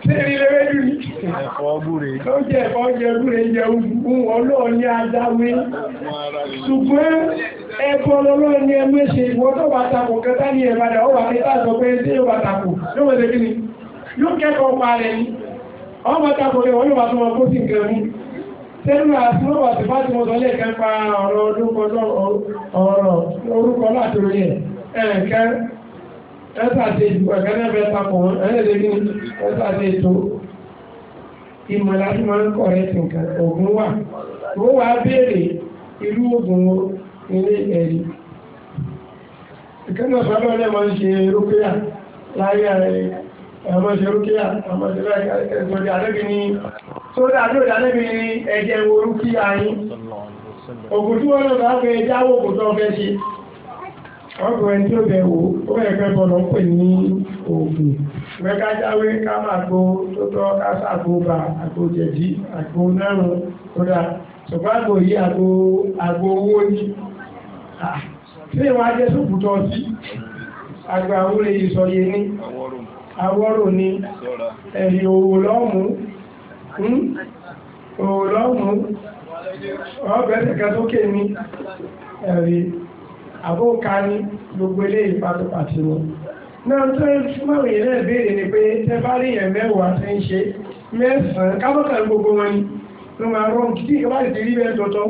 Sírí ilé wédú ni. Ẹ̀fọ́ gúre. Ó jẹ ẹ̀fọ́ jẹ gúre jẹ ohun ọlọ́ọ̀ ní adáwé. Ṣùgbọ́n ẹ̀bọ ọlọ́ọ̀ ní ẹgbẹ́ ṣe ìwọ́n tó bá takò kẹta ní ẹ̀bàdà ọ̀wà kẹta sọ pé ṣé yóò bá takò yóò wọ́n ṣe kí ni? Yóò kẹ́kọ̀ọ́ pa rẹ̀ ni. Ọmọ takò rẹ̀ wọ́n yóò bá tó wọn kó sí nǹkan mú sẹ́nu àti rọ́bà tó bá ti mọ̀ sọ́lé kan pa ọ̀rọ̀ orúkọ láti orí ẹ̀ ẹ̀ẹ̀kẹ́ ẹ́sàdé ìdìbò ẹ̀kẹ́ náà fẹ́ papọ̀ ẹ̀ẹ́dẹ̀ ní ẹ́sàdé ètò ìmọ̀lá tí máa ń kọ̀ rẹ̀ sí nǹkan ògùn wà ó wàá béèrè irú ògùn ilé ẹ̀rí ìkẹ́nà sábẹ́ ọ̀rẹ́ máa ń ṣe rókèyà láyé ara ẹ̀ ẹ̀mọ́ṣerúkíà ẹ̀mọ́ṣerúkíà ẹ̀mọ́ṣerúkíà sódà lóòdà níbi ẹ̀jẹ̀ orú kí ayín ògùn tí wọ́n lọ bá fẹ́ jáwó ògùn tó fẹ́ ṣe ọkùnrin tí ó bẹ̀ wò ó bẹ̀rẹ̀ fẹ́ bọ̀lọ̀ ń pè ní ògùn mẹ́ká jáwé ká máa gbó tó tọ́ ká sàgbó bá àgbo jẹ̀dí àgbo náà kódà ṣùgbọ́n àgbo yìí àgbo àgbo owó ni ah, ṣé ìwà jẹ́ sùpùtọ̀ sí àgbà òun lè sọ yé ní awọ́rò ni ẹ̀yìn òwò lọ́mù òwò lọ́mù ọ̀bẹ̀rẹ̀ kẹtókè ní ẹ̀rí hmm? àbókà ní gbogbo ilé ìpàtàkì wọn náà tó mọ̀rún yẹn náà béèrè ni pé tẹ́ bá rí yẹn mẹ́wàá tẹ́ ń ṣe mẹ́sàn-án kábọ̀kà gbogbo wọn ni ló máa rọrùn kí kí bá ti rí bẹ́ẹ̀ tọ̀tọ̀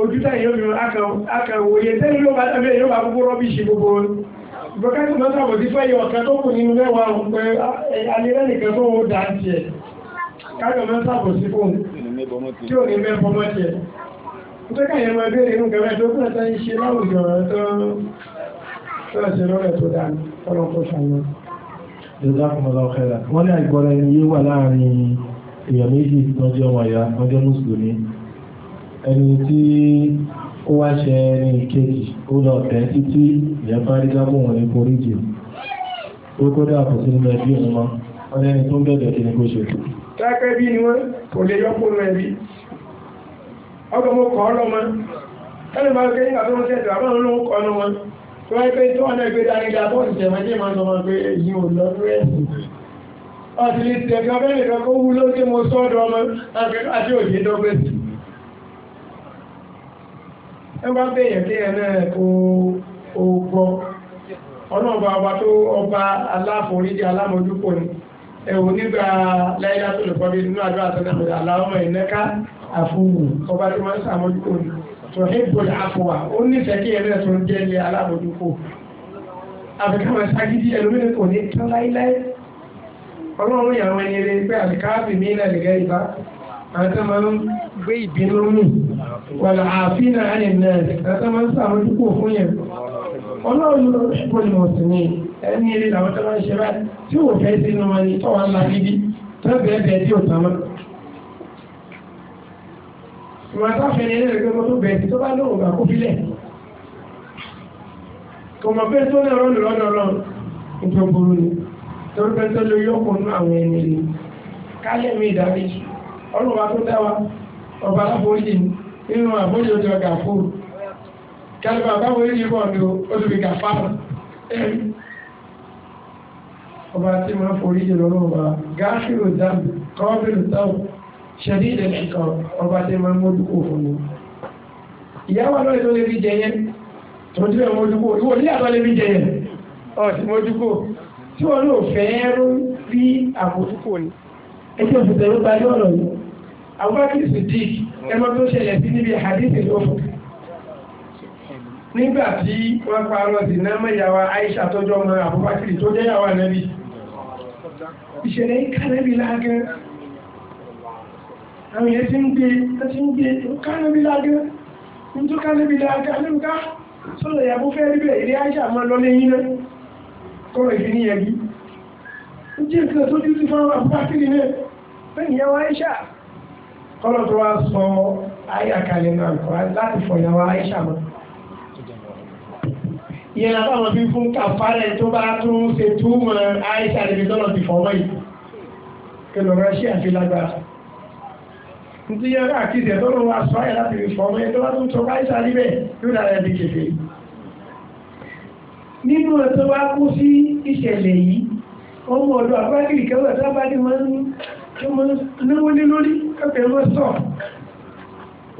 ojú táyé yóò fi akàwòye tẹ́lẹ̀ yóò bá gbogbo rọ́bìṣì gbogbo wọn ṣùgbọ́n tó máa sàbòdí fẹ́ yọ ọ̀kan tó kù nínú mẹ́wàá ń pẹ́ alẹ́rẹ́ nìkan tó ń dáa jẹ káàkiri máa sàbòdí fóun tí ò ní mẹ́bọ́ mọ́ jẹ tó káyẹ̀ máa bèèrè inú gẹ̀rẹ́ tó kúrẹ́ tẹ́ ń ṣe láwùjọ tó ṣe lọ́rẹ̀ tó dáa tọ́lọ́ tó ṣàyẹn. Jazakumullahu khairan. Wọ́n ní àìgbọ́ra ẹni yé wà láàrin èèyàn méjì lọ́jọ́ ọmọ ìyá lọ́jọ́ Mùsùlùmí. Ẹni tí ó wá ṣe ẹni kejì ó lọ tẹ̀ títí ìyẹn bá rí gábò wọn ní foríjì ó kódà kò sí nínú ẹbí òun mọ́ wọn lẹ́ni tó ń bẹ̀bẹ̀ kí ni kó ṣe. tákẹ́ bí ni wọ́n kò lè yọ kúrò ẹbí ọkọ̀ mo kọ́ lọ́mọ ẹni máa gbé nígbà tó ń tẹ̀sẹ̀ àbọ̀ ló ń kọ́ lọ́ wọn tó wáyé pé tó wọn náà gbé dání dá bọ́ọ̀lù tẹ̀ wọ́n jẹ́ máa sọ wọn pé èyí ò lọ rẹ̀ ọ̀sìn lè tẹ̀ fi ọbẹ̀ nìkan kó wú ló dé mo sọ́ọ̀dọ̀ ọmọ àti òjì dọ́gbẹ́sì ẹgbà bẹ̀yẹ̀ kí ẹ náà kó gbọ́ ọlọ́ọ̀bá ọba tó ọba aláforíjì alámọ̀júkò ni ẹ̀wò nígbà láyé látòlè pọ́bí nínú àjọ àtẹnàmọ̀lẹ̀ aláwọ̀ ìnẹ́ká àfúnwò ọba tó máa ń sàmójúkò ni tòhébò àfọwà ó nífẹ̀ẹ́ kí ẹ náà tó ń jẹ́ ilé alámọ̀júkò àfikàwọn ìságídí ẹlòmíràn kò ní tán láíláí ọlọ́run yàwọn ẹni rẹ̀ pé àfikàwọn àbìmí ilẹ̀ nìgẹ́ ìbá àwọn tó máa ń gbé ìbínú mì wàlà àfihàn àyẹ̀ náà ẹ̀ka máa ń sàmójúkò fún yẹn ọlọ́run ló ń pọ̀ ní ọ̀sìn ní ẹni eré làwọn tó máa ń ṣe báyìí tí wò fẹ́ sínú wọn ni tọ́wọ́ ńlá níbí tó bẹ́ẹ̀ bẹ́ẹ̀ tí ò tán mọ́. ìwọ̀n táfẹ́ ni ẹlẹ́rìí pé mo tó bẹ̀ẹ̀ tí tó bá lóun gbà kó bílẹ̀ kò mọ̀ pé tó lè rọ́ọ̀lù lọ́dọ̀ ọlọ́run wa ọba aláforíjì nínú àforíjì ojú ọgà fóònù kálíbà báwo yìí bọ̀ ní olùbí gàfárà ọba tí wọn foríjì lọ́wọ́ ọba gáfíò dáàbò kọ́ọ̀bìrì táwọn ṣẹlí ìdẹ̀lẹ̀ kan ọba tí wọn mójúkò fún mi ìyáwó alọ́lẹ̀ tó lè fi jẹ yẹn tó dúró ẹ̀ mójúkò ìwọ ní àlọ́ lè fi jẹ yẹn ọ̀ sí mójúkò tí wọn lò fẹ́ẹ́ rí àmójúkò ni ẹjọ́ òfin tẹ̀lé parí ọ̀rọ̀ yìí abubakar siddiq ẹgbẹ́ tó ṣẹlẹ̀ sí níbi hadithi lófò nígbà tí wọ́n parọ́ sí náà mẹ́yàwá aisha tọ́jọ́ mọ́ abubakar tó jẹ́yàwó ànábì ìṣẹ̀lẹ̀ ìkànnẹ́bí lágẹ́ àwọn èyí tí ń gbé tí ń gbé ìkànnẹ́bí lágẹ́ ní tó kànnẹ́bí lágẹ́ alẹ́mùká sọ́lọ̀ ìyàbó fẹ́ rí bẹ̀ ilé aisha mọ́ lọ lẹ́yìn náà kọ́rọ̀ ìfi ní ẹbí ó jẹ́ nǹkan tó dúdú fún abubakar náà bẹ́ẹ̀ ni yàwó aisha kọ́lọ̀ tó wá sọ ayé àkàlẹ̀ náà kọ́ láti fọ̀yàwó Aisha mọ́ ìyẹn náà báwọn fi fún kàfàrẹ̀ tó bá tún ṣe túmọ̀ Aisha níbi tọ́lọ̀ ti fọwọ́ yìí kí lọ́rọ̀ ṣe àfi lágbára ntí yẹn ká kí ìṣẹ̀ tọ́lọ̀ wá sọ ayé láti fi fọwọ́ yẹn tó bá tún sọ Aisha níbẹ̀ yóò dára ẹbí kẹfẹ́ nínú ẹ̀ tó wá kú sí ìṣẹ̀lẹ̀ yìí ọmọ ọ̀dọ̀ àbúrákìrì kẹwàá tó bá dé máa ń kẹ́kẹ́ ló sọ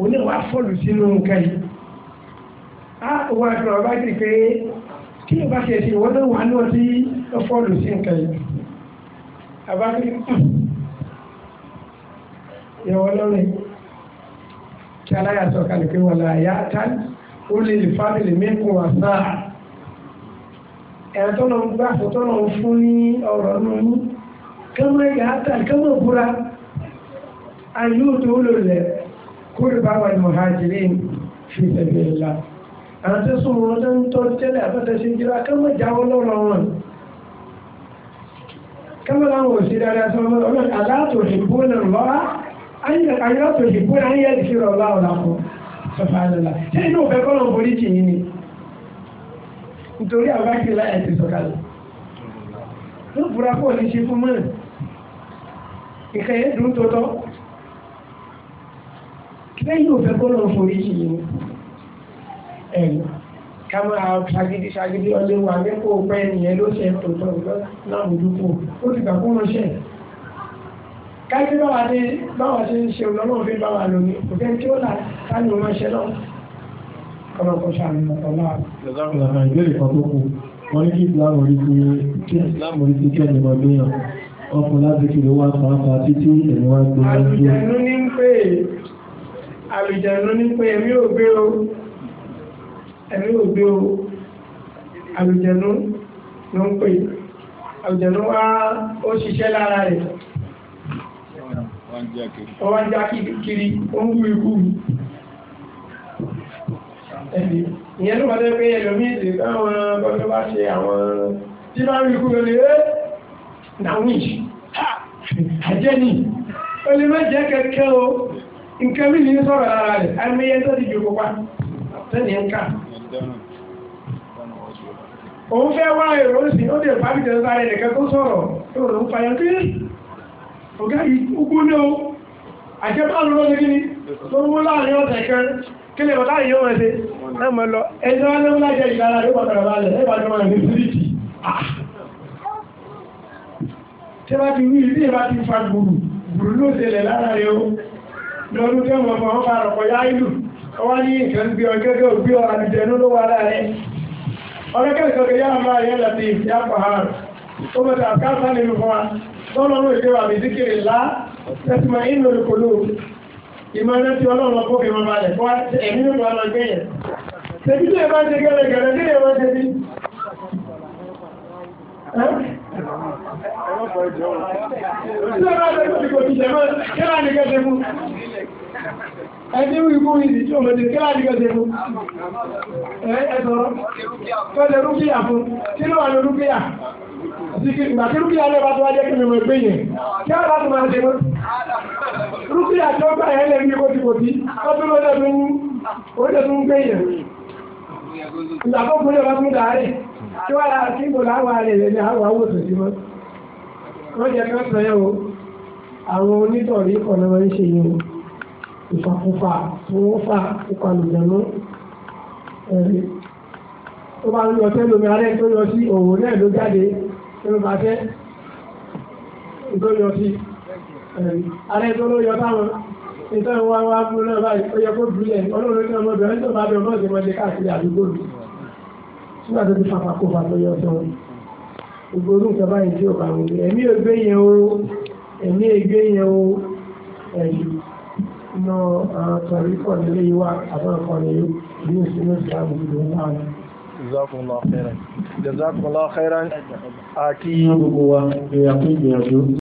òní wa fọ́ọ̀lù sínú nǹkan yìí á wà lọ bá jì pé kí n bá ṣe ṣe wọ́n ló wà náà sí fọ́ọ̀lù sí nǹkan yìí àbáfi hmm. yẹwọ lọ́rùn kí aláyàtọ̀ kalẹ̀ pé wọ́n lọ àyà tá ó lè lè fábìlì mẹ́kùn wà sáà ẹ̀rọ tó lọ ń gbà fún tó lọ ń fún ní ọ̀rọ̀ nínú kí wọ́n yà á tà kí wọ́n búra àyúdú lulẹ̀ kúrìbá wà ní muhajirin fi sabilillah àwọn tó súnmọ́ wọn tó ń tọ́ tẹ́lẹ̀ àbẹ́tẹ̀ sí jíra kẹ́mọ́ jáwọ́ lọ́rọ̀ wọn kẹ́mọ́ láwọn òsì dáadáa sọ wọn ọlọ́run aláàtò ìbú náà lọ́wọ́ ayọ́tò ìbú náà yẹ kí rọ̀ láwọn làkọ́ sọfàlọ́lá tí inú òfẹ́ kọ́ lọ́n borí jì ni nítorí àwọn akéwì láyà ti sọ̀kalẹ̀ lẹ́yìn òfẹ́ kó lọ forí jì yìí ẹ̀yìn ká máa ṣagídí ṣagídí ọdẹ wà nípò pẹ́ nìyẹn ló ṣe tòótọ́ láwùjúkú ó ti gbà fún ọṣẹ. kájí báwa ṣe báwa ṣe ń ṣe ọlọ́mọ fi báwa lò ní kò fẹ́ tí ó là sánú ọmọṣẹ́ náà kọ́lọ́kọ́ ṣàmì ọ̀pọ̀lá. ìlànà ìbéèrè wọ́n ní kí islam orí kí ẹnìmọ̀ gbéyàn ọkùnrin láti kiri wá pàápàá títí ẹ̀mí gbé àlùjànnú ní pé ẹ̀mí ò o ẹ̀mí ò o àlùjànnú ló ń pè àlùjànnú wá ó ṣiṣẹ́ lára rẹ̀ ó já kiri ó ń wú ikú ẹ̀mí ìyẹn ló wọlé pé ẹlòmíì lè káwọn bọ́dọ̀ bá ṣe àwọn tí bá rí ikú lọ lè é nàwìn àjẹ́ni ó lè má kẹ́kẹ́ o nǹkan mi ní sọ̀rọ̀ lára rẹ̀ àìmọye tó ti jòkó pa sẹ́ni ń kà. òun fẹ́ wá èrò sí ó dé pàbí tẹ̀sán sáré nìkan tó sọ̀rọ̀ tó lòún fàyàn kí ọ̀gá yìí ugbó ní o àjẹpá ló lọ́dún kí ni tó ń wó láàrin ọ̀sẹ̀ kan kí lè bàtà yìí ó wẹ̀ sí ẹ mọ̀ lọ ẹjọ́ wọn ló ń lájẹ ìlara ló pàtàkì balẹ̀ ẹ ah! bá jọ wọn ní síríkì tí wọ́n ti wí ilé ìbá ti fa gbùrù gbùrù ló ṣẹlẹ̀ lára rẹ̀ lọ́dún tí wọ́n fọ́n bá rọ̀pọ̀ yá ìlú ọwá ní nǹkan gbé ọgẹ́gẹ́ òbí àlùjẹ̀nú ló wà láàrin ọgẹ́gẹ́ ìsọ̀kẹ́ yá máa yẹ láti ìfẹ́ àpàhàn ó bẹ̀rẹ̀ àkáàtà nínú fún wa tọ́lọ́run ìdí wa mìzíkiri ńlá tẹ́tùmọ̀ inú olùkòló ìmọ̀lẹ́ tí ọlọ́run ọkọ̀ fi máa balẹ̀ fún ẹ̀mí Ẹni wíwú ìdí tí ó mọ̀ ní kí láti gẹ́gẹ́ fún ẹ̀ẹ́sọ̀rọ̀, kọ́lẹ̀ rúkíyà fún, kí ló wà ní rúkíyà? Ìgbà tí rúkíyà lè bá tó wájẹ́ kí mímọ̀ ìgbé yẹn, kí á láti máa ṣe mọ́? Rúkíyà tó gbà ẹ̀ẹ́lẹ̀ ní kòtìkòtì, ọdún lọ́dẹ̀ tó ń gbé yẹn. Ìgbà tó kúrò bá tún dáa rẹ̀. tí wọ́n ra símbò láwọn arẹ̀rẹ̀ ní àwọn awòsàn sí wọn wọ́n jẹ́ kí wọ́n sọ yẹ́ o àwọn onítọ̀rí kọ̀ náà ń ṣe yìí o ìfàkùfà tó ẹ̀rí bá ń arẹ́ tó yọ sí òwò náà ló jáde bá tẹ́ yọ sí ẹ̀rí arẹ́ tó ló yọ táwọn ìtọ́ ní nígbà tó ti fapá kó tó yọ sọ gbogbo orú nǹkan báyìí tí ò bá ẹ̀mí ògbé yẹn o ẹ̀mí ègbé yẹn o ẹ̀yìn iná àtọ̀rí pọ̀ nílé yìí wá àbọ̀rọ̀kọ̀ ní ìlú ìsinmi ìsìlámù ìlú ńlá ni. jazakumullahu khairan jazakumullahu khairan àti gbogbo wa ìyàpín ìgbìyànjú